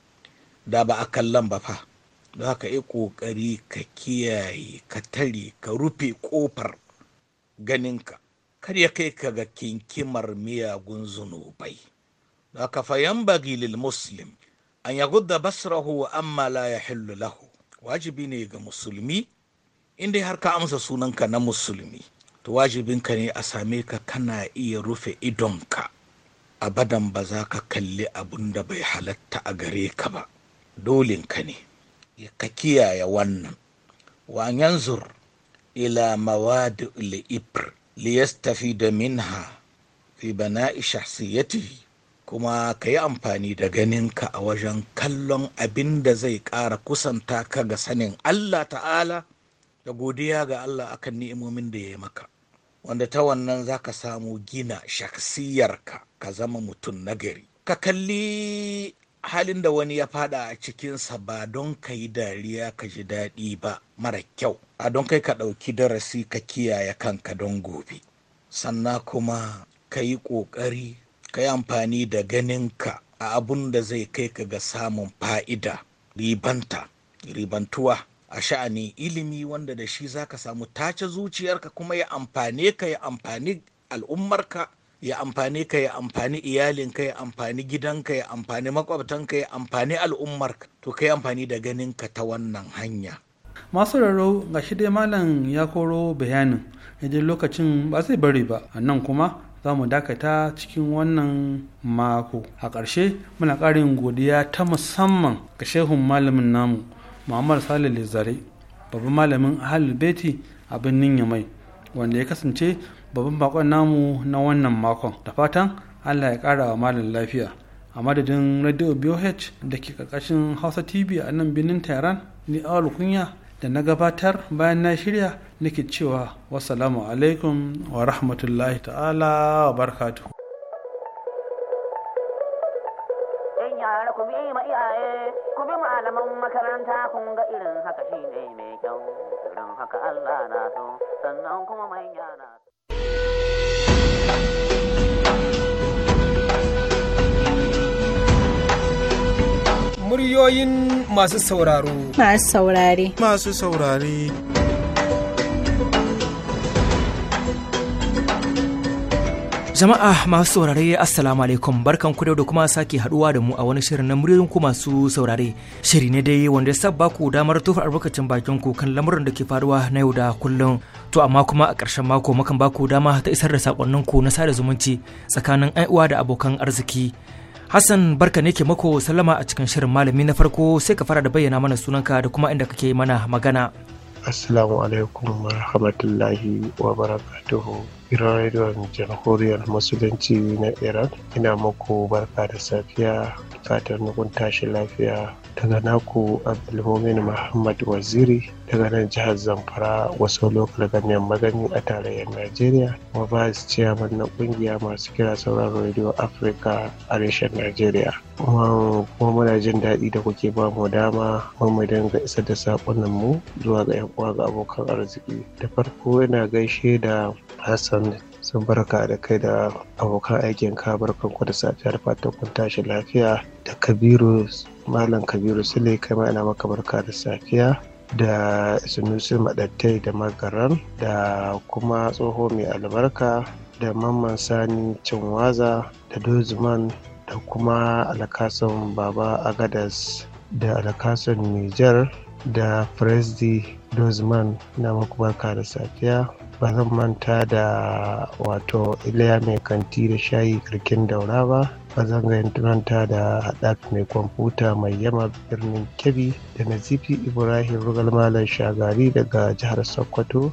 da ba a kallon ba fa don haka yi ƙoƙari ka kiyaye ka tare ka rufe ƙofar ganinka kar ya kai ka ga kinkimar miyagun zunubai don haka fa bagi lil muslim an ya gudda basrahu amma la ya hillu lahu wajibi ne ga musulmi inda har ka amsa sunanka na musulmi to wajibinka ne a same ka kana iya rufe idonka abadan ba za ka kalli abun da bai halatta a gare ka ba ka ne ka kiyaye wannan wa yanzur ila mawadi li'ibr liyastafi da minha fi bana'i shahsiyatihi kuma ka yi amfani da ganinka a wajen kallon abin da zai ƙara kusanta ka ga sanin Allah ta'ala da godiya ga Allah akan ni'imomin da ya yi maka wanda ta wannan za ka samu gina shaksiyarka ka zama mutum nagari ka kalli halin da wani ya fada a cikinsa ba don ka yi dariya ka ji daɗi ba mara kyau a don kai ka ɗauki darasi ka kiyaye kanka don gobe sannan kuma ka yi ƙoƙari ka yi amfani da ganinka a abun da zai kai ka ga samun fa'ida ribanta ribantuwa a sha'ani, ilimi wanda da shi zaka samu tace zuciyarka kuma ya amfane ka ya amfani al'ummarka ya amfani ka ya amfani iyalinka ya amfani gidanka ya amfani makwabtanka ya amfani al'ummarka to kai amfani da ganinka ta wannan hanya masu raro ga shi dai malam ya koro bayanin idan lokacin ba zai bari ba a nan kuma za mu dakata cikin wannan mako a ƙarshe muna ƙarin godiya ta musamman ga shehun malamin namu muhammad salih lizare babban malamin ahalul beti a birnin yamai wanda ya kasance babban bakon namu na wannan makon da fatan allah ya kara wa malam lafiya a madadin radio boh da ke karkashin hausa tv a nan birnin tehran ni awal kunya da na gabatar bayan na shirya nake cewa wasalamu alaikum wa rahmatullahi ta'ala wa barkatu. ta kun ga irin haka shi ne mai kyau irin haka Allah na so sannan kuma manya na Muryoyin masu sauraro. Masu saurare. Masu saurare. Jama'a masu saurare Assalamu alaikum barkan ku da kuma sake haduwa da mu a wani shirin na muryoyin ku masu saurare. Shiri ne dai wanda ya sabba ku damar tofa albarkacin bakin ku kan lamurin da ke faruwa na yau da kullum. To amma kuma a ƙarshen mako mukan ba ku dama ta isar da sakonnin ku na sada zumunci tsakanin ai uwa da abokan arziki. Hassan barka ne ke mako sallama a cikin shirin malami na farko sai ka fara da bayyana mana sunanka da kuma inda kake mana magana. Assalamu alaikum wa rahmatullahi wa barakatuhu. Iran rediyon Jamhuriyar Musulunci na Iran, ina muku barka da safiya, fatan kun tashi lafiya daga naku abdulmumin muhammad waziri daga nan jihar zamfara wasu lokal ganyen magani a tarayyar najeriya kuma vice chairman na kungiya masu kira sauran radio africa a reshen najeriya kuma muna jin daɗi da kuke ba mu dama mu dinga isa da saƙonan mu zuwa ga yan uwa ga abokan arziki da farko ina gaishe da hassan sun barka da kai da abokan aikin ka barkan ku da safiyar fatan kun tashi lafiya da kabiru malam kabiru sule kai ma ina maka barka da safiya da sunusi maɗattai da magaran da kuma tsoho mai albarka da mamman sani cinwaza da dozman da kuma alakasan baba agadas da alakasan niger da presdi dozman na maku barka da safiya ba zan manta da wato iliya mai kanti da shayi karkin daura ba ba zan manta da haɗaf mai kwamfuta mai yama birnin kebbi da nazifi ibrahim rugal malam shagari daga jihar sokoto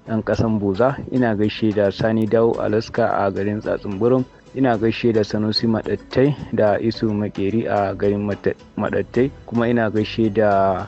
ɗan ƙasan Buza, ina gaishe da Sani Dawo Alaska a garin Tsatsunburum, ina gaishe da Sanusi Maɗattai da Isu Makeri a garin Maɗattai, kuma ina gaishe da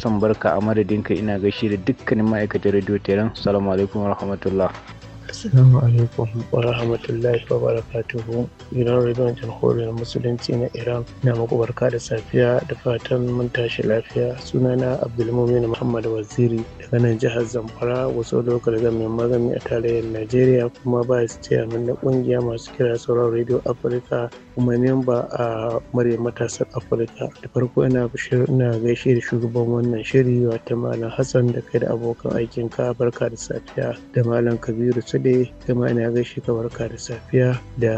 Hassan Barka a madadinka ina gaishe da dukkanin ma'aikatan Radio Teran. Salamu alaikum wa rahmatullah. Assalamu alaikum wa rahmatullahi wa barakatuhu. Gidan rediyon jamhuriyar musulunci na Iran na muku barka da safiya da fatan mun tashi lafiya. Sunana Abdulmumin Muhammad Waziri daga nan jihar Zamfara wasu lokal mai magani a tarayyar Najeriya kuma ba su ce na kungiya masu kira sauran rediyo Afirka kuma memba a murya matasan Afirka. Da farko ina gaishe da shugaban wannan shiri wata Malam Hassan da kai da abokan aikin ka barka da safiya da Malam Kabiru Sule safe kai ma ina gaishe ka barka da safiya da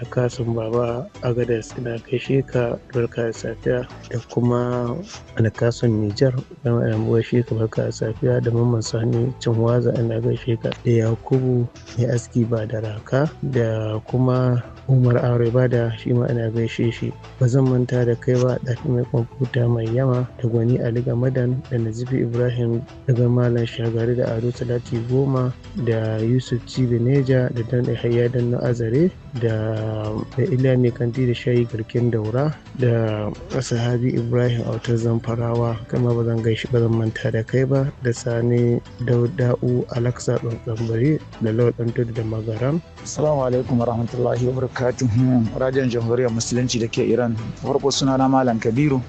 alkasun baba agadas ina gaishe ka barka da safiya da kuma alkasun nijar ina ina gaishe ka barka da safiya da mamman sani waza ina gaishe ka da yakubu mai aski ba da raka da kuma umar aure bada shi ma ina gaishe shi ba zan manta da kai ba ɗafi mai kwamfuta mai yama da gwani ali gamadan da nazifi ibrahim daga malam shagari da ado talati goma da yusuf cibi neja da dan hayya dan azare da mai mai kanti da shayi garkin daura da sahabi ibrahim autar zamfarawa kama ba zan gaishe ba zan manta da kai ba da sani dauda'u alaksa tsambari da lauɗan tudu da magaram assalamu alaikum warahmatullahi wabarakatuh radiyon jamhuriyar musulunci da ke iran farko suna na malam kabiru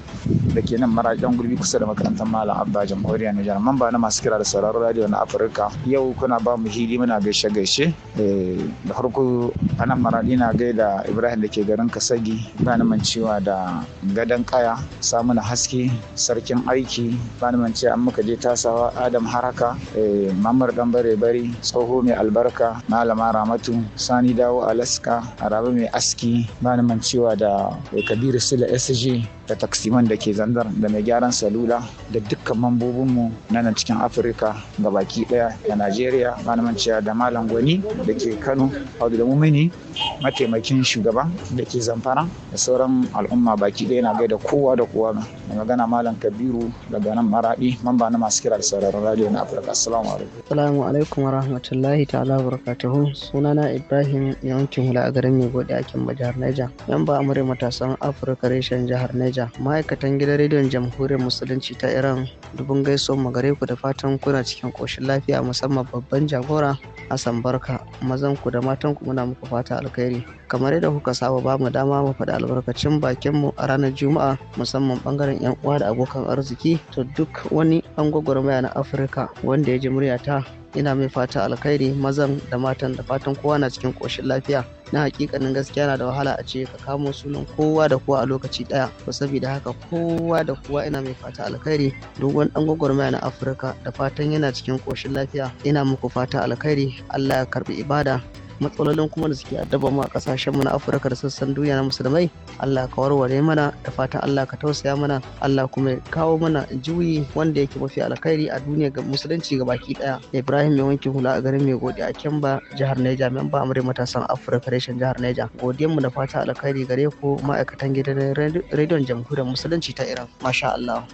da ke nan marajan gurbi kusa da makarantar malam abba jamhuriyar nijar mamba na masu kira da sauraron radiyo na afirka yau kuna ba mu hili muna gaishe gaishe eh, da farko a nan maradi na da ibrahim da ke garin kasagi bani mancewa da gadon kaya samuna haske sarkin aiki bani mancewa an muka je tasawa adam haraka eh, mamar dan bare bari tsoho mai albarka malama ramatu sani dawo alaska arabi mai aski bani mancewa da eh, kabiru sila sg da taksiman da ke zandar da mai gyaran salula da dukkan mambobinmu na nan cikin afirka ga baki daya da najeriya bani mancewa da malam gwani da ke kano audu da mumini mataimakin shugaban da ke zamfara da sauran al'umma baki ɗaya na gaida kowa da kowa da magana malam kabiru daga nan maraɗi mamba na masu kira da sauraron radio na afirka assalamu alaikum assalamu alaikum wa rahmatullahi ta'ala barakatuhu sunana ibrahim yawancin hula a garin mai gode akin jihar niger yan ba amurai matasan afirka reshen jihar niger ma'aikatan gidan rediyon jamhuriyar musulunci ta iran dubun gaisuwan magare ku da fatan kuna cikin koshin lafiya musamman babban jagora hassan barka mazan ku da matan ku muna muku fata alkhairi kamar yadda kuka saba ba mu dama mu faɗi albarkacin bakin mu a ranar juma'a musamman bangaren yan uwa da abokan arziki to duk wani an gwagwarmaya na afirka wanda ya ji muryata ina mai fata alkhairi mazan da matan da fatan kowa na cikin koshin lafiya na hakikanin gaskiya na da wahala a ce ka kamo sunan kowa da kowa a lokaci daya ba saboda haka kowa da kowa ina mai fata alkhairi duk wani dan gwagwarmaya na afirka da fatan yana cikin koshin lafiya ina muku fata alkhairi allah ya karbi ibada matsalolin kuma da suke addaba mu a kasashen mu na Afirka da sassan duniya na musulmai Allah ka warware mana da fatan Allah ka tausaya mana Allah kuma ya kawo mana juyi wanda yake mafi alkhairi a duniya ga musulunci ga baki daya Ibrahim mai wanki hula a garin mai gode a Kemba jihar Niger ba amurai matasan Afirka reshen jihar Niger godiyan mu da fatan alkhairi gare ku ma'aikatan gidan rediyon jamhuriyar musulunci ta Iran masha Allah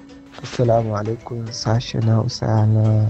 Assalamu alaikum na, Hausa na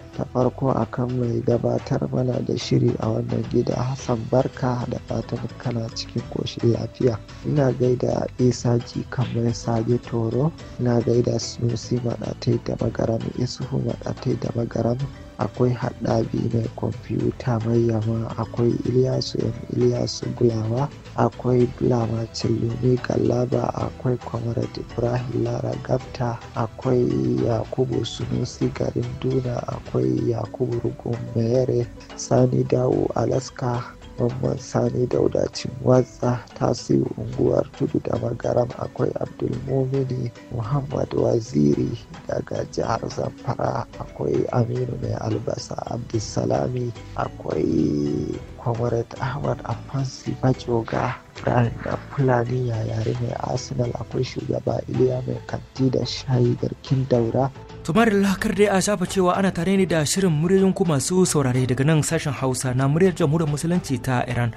ta farko akan mai gabatar mana da shiri a wannan gida Hassan Barka da fatan kana cikin koshi lafiya. Ina gaida Isa ji kamar Sage Toro, ina gaida Sunusi Maɗatai da Magaram, Isuhu Maɗatai da Magaram, akwai haɗabi mai kwamfuta mai yama akwai iliyasu yan iliyasu gulawa akwai Lamacin galaba akwai Comrade Ibrahim Lara Gafta, akwai Yakubu Sunusi Garin Duna, akwai Yakubu Rugun Mayere, Sani Dawo Alaska, Mamman Sani Daudacin Watsa Tasiu unguwar Tudu da Magaram akwai Abdulmumini Muhammad Waziri daga jihar Zamfara akwai Aminu Mai Albasa Abdulsalami akwai Comrade Ahmad Afansi Bajoga Ibrahim da Fulani yayari mai Arsenal akwai shugaba Iliya mai kanti da shayi garkin daura tumarilla kar dai a shafa cewa ana tare ne da shirin muryoyin ku masu saurare daga nan sashen hausa na muryar jamhuriyar musulunci ta iran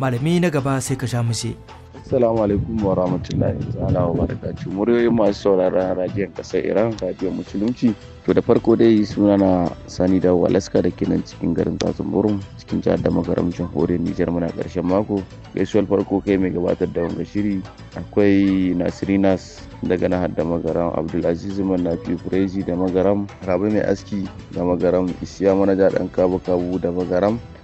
malami na gaba sai ka sha mushe. Assalamu alaikum wa rahmatullahi ta'ala wa barakatuh. Muryoyin masu sauraron radiyon kasar Iran, radio musulunci. To da farko dai suna na Sani da Walaska da ke nan cikin garin Tsatsun cikin jihar da magaram jamhuriyar Nijar muna karshen mako. Gaisuwar farko kai mai gabatar da wanga shiri akwai Nasirinas daga nahar da magaram abdulaziz mannafi kurezi da magaram rabi mai aski da magaram isiya manaja dan kabu kabu da magaram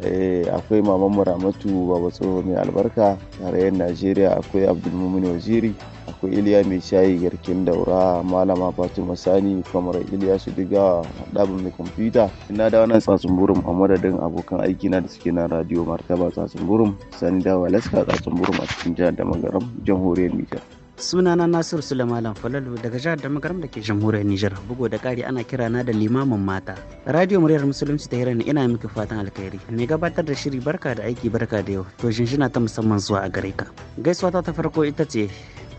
Eh, akwai maman muramatu baba tsoho mai albarka tarayyar najeriya akwai abdulmumin waziri akwai iliya mai shayi garkin daura malama fatima sani kamar iliya su diga ɗabin mai kwamfuta ina da wannan tsatsun burum a madadin abokan aiki na da suke nan radio martaba tsatsun burum sani walaska walaska tsatsun burum a cikin jihar da magaram jamhuriyar nijar sunana nasiru sulaiman falalu daga jihar damagaram da ke jamhuriyar nijar bugu da kari ana kira na da limamin mata radio muryar musulunci ta hirar ina miki fatan alkhairi mai gabatar da shiri barka da aiki barka da yau to shinshina ta musamman zuwa a gare ka gaisuwa ta farko ita ce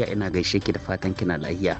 lafiya ina gaishe ki da fatan kina lafiya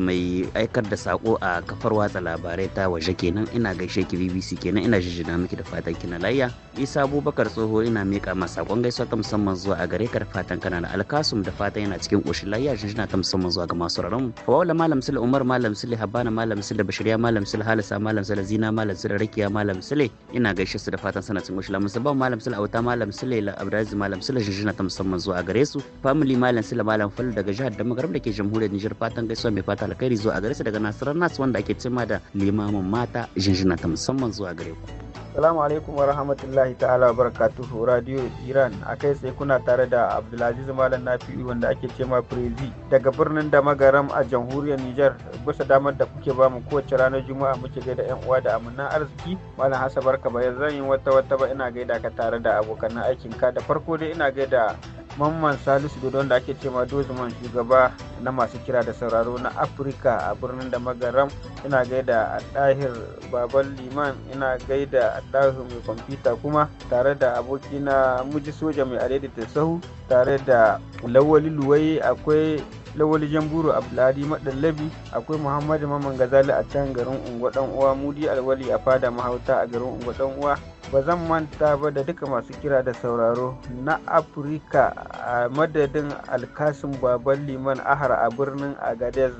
mai aikar da sako a kafar watsa labarai ta waje kenan ina gaishe ki BBC kenan ina jijjina miki da fatan kina lafiya Isa Abubakar tsoho ina mika ma sakon gaisuwa ta musamman zuwa a gare ka da fatan kana da alkasum da fatan yana cikin koshin lafiya jijjina ta musamman zuwa ga masu raron Fawala Malam Sule Umar Malam Sule Habana Malam Sule Bashiriya Malam Sule Halisa Malam Sule Zina Malam Sule Rakiya Malam Sule ina gaishe su da fatan sana cikin koshin musamman Malam Sule Auta Malam Sule Abdulaziz Malam Sule jijjina ta musamman zuwa a gare su family Malam Sule Malam Fal daga daga jihar da da ke jamhuriyar Nijar fatan gaisuwa mai fata alkhairi zuwa gare su daga Nasarar Nas wanda ake cima da limamin mata jinjina ta musamman zuwa gare ku. Salamu alaikum wa rahmatullahi ta'ala wa barakatuhu Radio Iran a kai sai kuna tare da Abdulaziz Malam Nafi'u wanda ake cimma Prezi daga birnin da magaram a jamhuriyar Nijar bisa damar da kuke bamu kowace ranar Juma'a muke gaida yan uwa da amina arziki Malam Hassan barka bayan zan yi wata wata ba ina gaida ka tare da abokan aikin ka da farko dai ina gaida Mamman Salisu Dodon da ake cewa Dozman shugaba na masu kira da sauraro na Afirka a birnin da magaram ina gaida a ɗahir baban liman ina gaida a ɗahir mai kwamfuta kuma tare da abokina muji soja mai adaidaita sahu tare da lawali luwai akwai lawali jamburu abdulhadi madallabi akwai muhammadu mamman gazali a can garin unguwa dan uwa mudi alwali a fada mahauta a garin unguwa dan uwa ba zan manta ba da duka masu kira da sauraro na afirka a madadin alkasin baban liman ahar a birnin agadez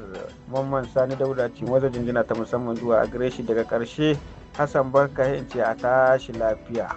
mamman sani dauda ce waza jinjina ta musamman zuwa a gare shi daga karshe hassan barka ya ce a tashi lafiya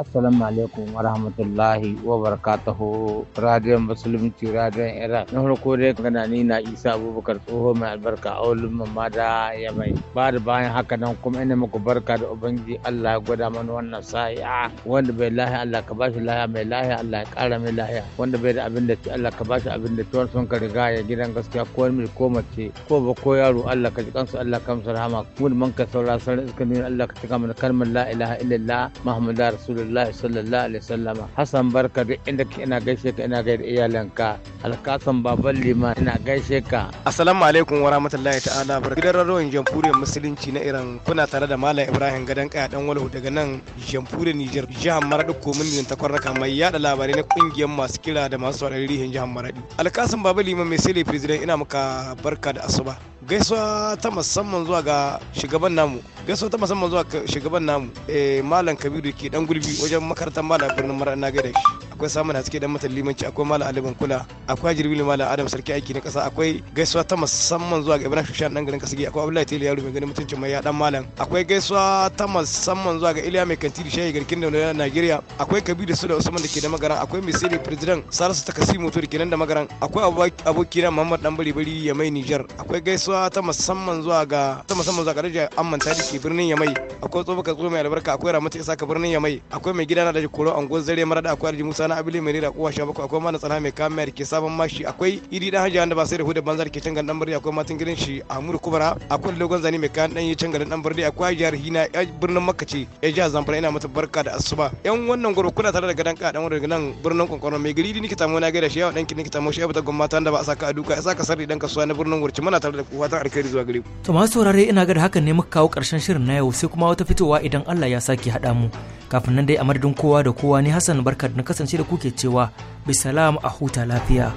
assalamu alaikum wa rahmatullahi wa barakatuhu radiyon musulunci radiyon iran na farko dai gana ni na isa abubakar tsoho mai albarka a wulin mamma da ya mai ba da bayan haka nan kuma ina muku barka da ubangiji allah ya gwada mana wannan sa'i'a wanda bai lahiya allah ka bashi lahiya mai lahiya allah ya kara mai lahiya wanda bai da abin da ci allah ka bashi abin da tuwar sun ka riga ya gidan gaskiya ko mai ko mace ko ba ko yaro allah ka ji kansu allah ka rahama kuma man ka saurara sanar iska nuna allah ka cika mana kalmar la ilaha illallah muhammadu rasulullah rasulullahi sallallahu alaihi wasallam hassan barka duk inda ka ina gaishe ka ina gaida iyalanka alkasan baban liman ina gaishe ka assalamu alaikum wa rahmatullahi ta'ala barka gidan rarrawan jamhuriyar musulunci na iran kuna tare da malam ibrahim gadan kaya dan walhu daga nan jamhuriyar niger jihar maradi komin ta kwarraka mai yada labarai na kungiyar masu kira da masu wadari rihin jihar maradi alkasan baban liman mai sele president ina maka barka da asuba gaisuwa ta musamman zuwa ga shugaban namu gaisuwa ta musamman zuwa ga shugaban namu eh, malam kabiru ke dan gulbi wajen makarantar malam birnin mara na gaida shi akwai samun haske dan matan limanci akwai malam aliban kula akwai jirbili malam adam sarki aiki na kasa akwai gaisuwa ta musamman zuwa ga ibrahim shushan dan garin kasige akwai abdullahi tele yaro mai ganin mutuncin mai ya dan malam akwai gaisuwa ta musamman zuwa ga iliya mai kantiri shayi garkin da na nigeria akwai kabiru da usman da ke da magaran akwai misiri president salisu takasimu to motori kenan nan da magaran akwai abokina muhammad dan bari bari ya mai niger akwai gaisuwa ta musamman zuwa ga ta musamman zuwa ga Raja Amman ta dake birnin Yamai akwai tsofa ka mai albarka akwai Ramatu Isa ka birnin Yamai akwai mai gidana da Koro an Angon Zare Marada akwai Alhaji Musa na Abili Mai Rira Kuwa Shabako akwai Mana Tsana Mai Kamar ke Sabon Mashi akwai Idi Dan Hajiya wanda ba sai da hudu banzar ke cangan dan birni akwai Matin Girin shi Amur Kubara akwai Logon Zani Mai Kayan Dan yi cangan dan birni akwai Jihar Hina birnin Makka ce ya ji Zamfara ina mata barka da asuba yan wannan gurbu kuna tare da gadan ka dan wurin nan birnin Kwankwaron mai gari ni kita mu na gaida shi yawa dan ki ni kita shi ya ta gwamnati da ba a saka a duka ya saka sarri dan kasuwa na birnin Wurci muna tare da kuwa fatan alkhairi zuwa gare ku to masu saurare ina ga da hakan ne muka kawo karshen shirin na yau sai kuma wata fitowa idan Allah ya sake haɗa mu kafin nan dai a madadin kowa da kowa ne Hassan barka na kasance da kuke cewa bisalam a huta lafiya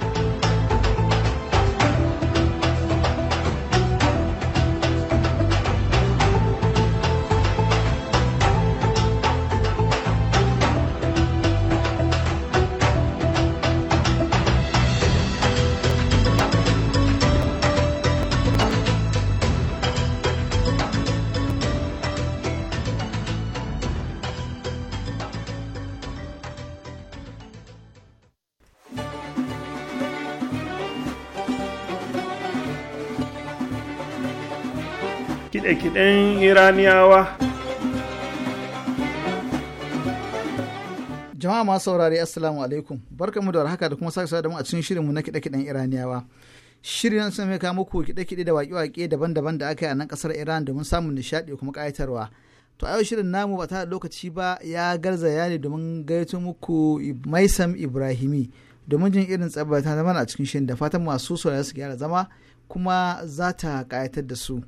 kiɗe-kiɗen iraniyawa jama'a masu saurari assalamu alaikum barkamu da warhaka da kuma sake da mu a cikin shirinmu na kiɗe-kiɗen iraniyawa shirin nan sun kawo muku kiɗe-kiɗe da waƙe-waƙe daban-daban da aka yi a nan ƙasar iran domin samun nishaɗi kuma ƙayatarwa to a yau shirin namu ba da lokaci ba ya garza ya ne domin gaito muku maisam ibrahimi domin jin irin tsabbata ta zama a cikin shirin da fatan masu saurari su gyara zama kuma za ta ƙayatar da su.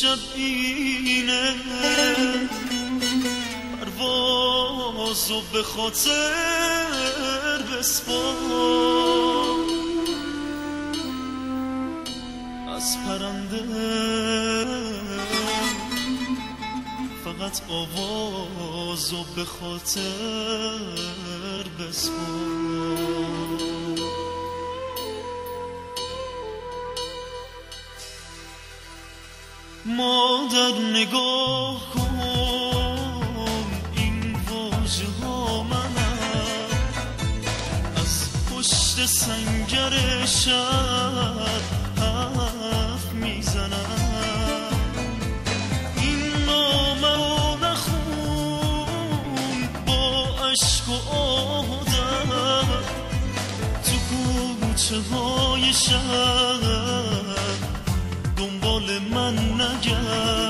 شب اینه پرواز و به خاطر بسپار از پرنده فقط آواز و به خاطر بسپار اینقدر نگاه کن این واجه ها من از پشت سنگر شد حرف میزنم این نامه رو نخون با عشق و آهدم تو کوچه های شد دنبال من نگرد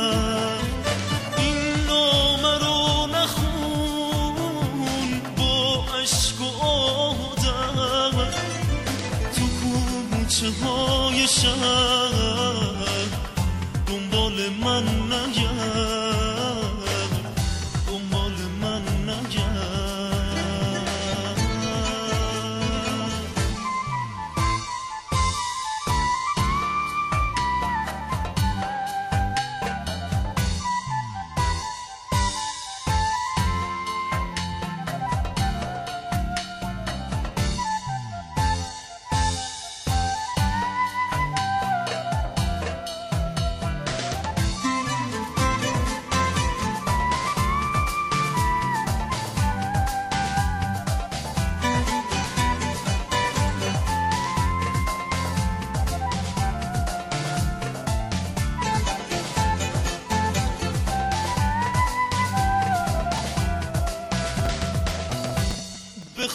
yaşar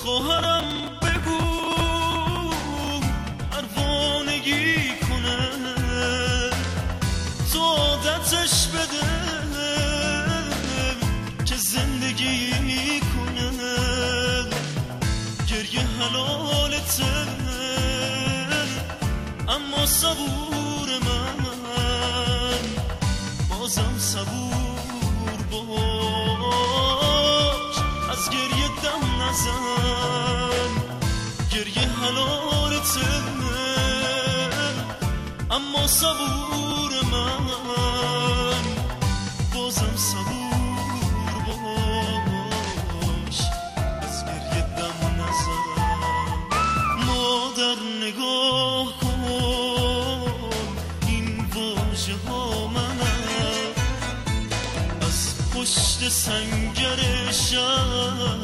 خواهرم بگو پروانگی کنه تو عادتش بده که زندگی کنه گریه حلالته اما صبور بزن گریه حلالته اما صبور من بازم صبور باش از گریه دم نزن مادر نگاه کن این واجه ها من، از پشت سنگر شب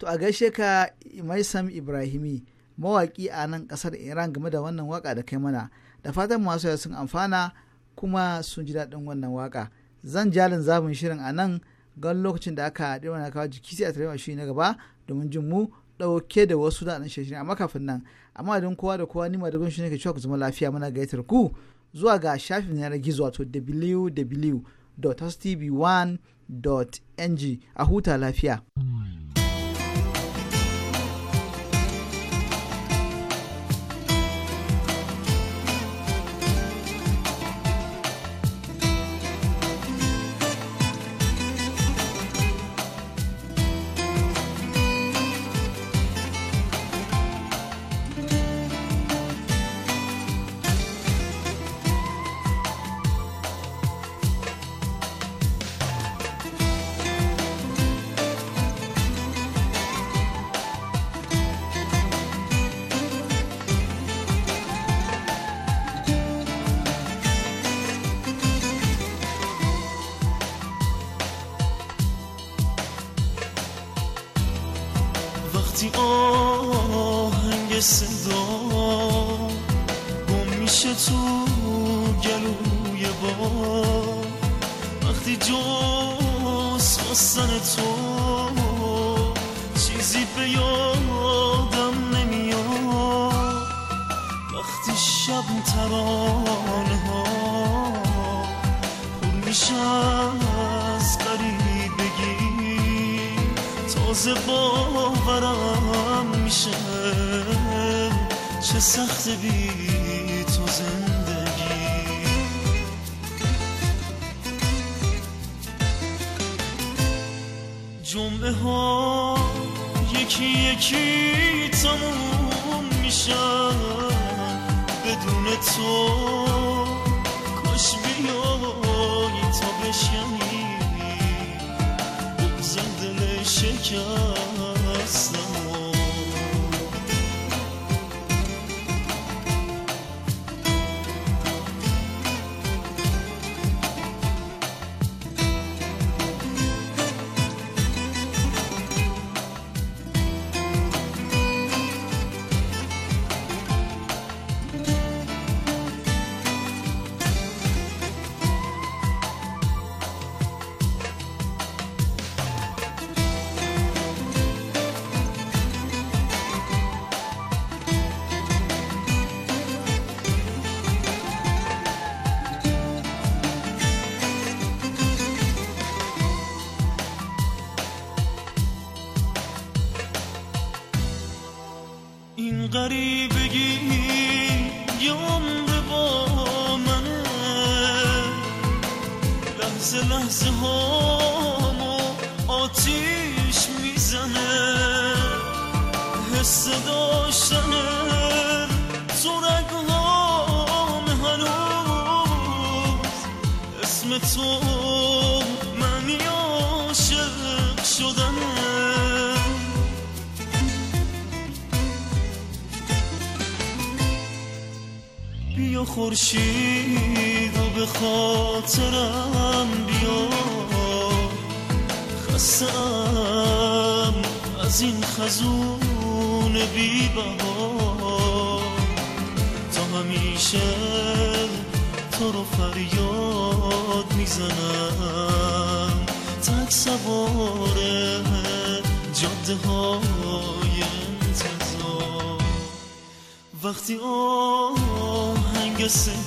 to a gaishe ka maisam ibrahimi mawaƙi a nan ƙasar iran game da wannan waka da kai mana da fatan masu sun amfana kuma sun ji daɗin wannan waka zan jalin zamun shirin a nan gan lokacin da aka haɗe wani kawo jiki sai a tare shi na gaba domin jin mu ɗauke da wasu da nan shirin amma kafin nan amma don kowa da kowa ni ma da shi ne ke cewa zama lafiya muna gaitar ku zuwa ga shafin yanar gizo wato www.hostv1.ng a huta lafiya. بکشید و به خاطرم بیا خستم از این خزون بی بها تا همیشه تو رو فریاد میزنم تک سوار جاده های انتظار وقتی آهنگ سه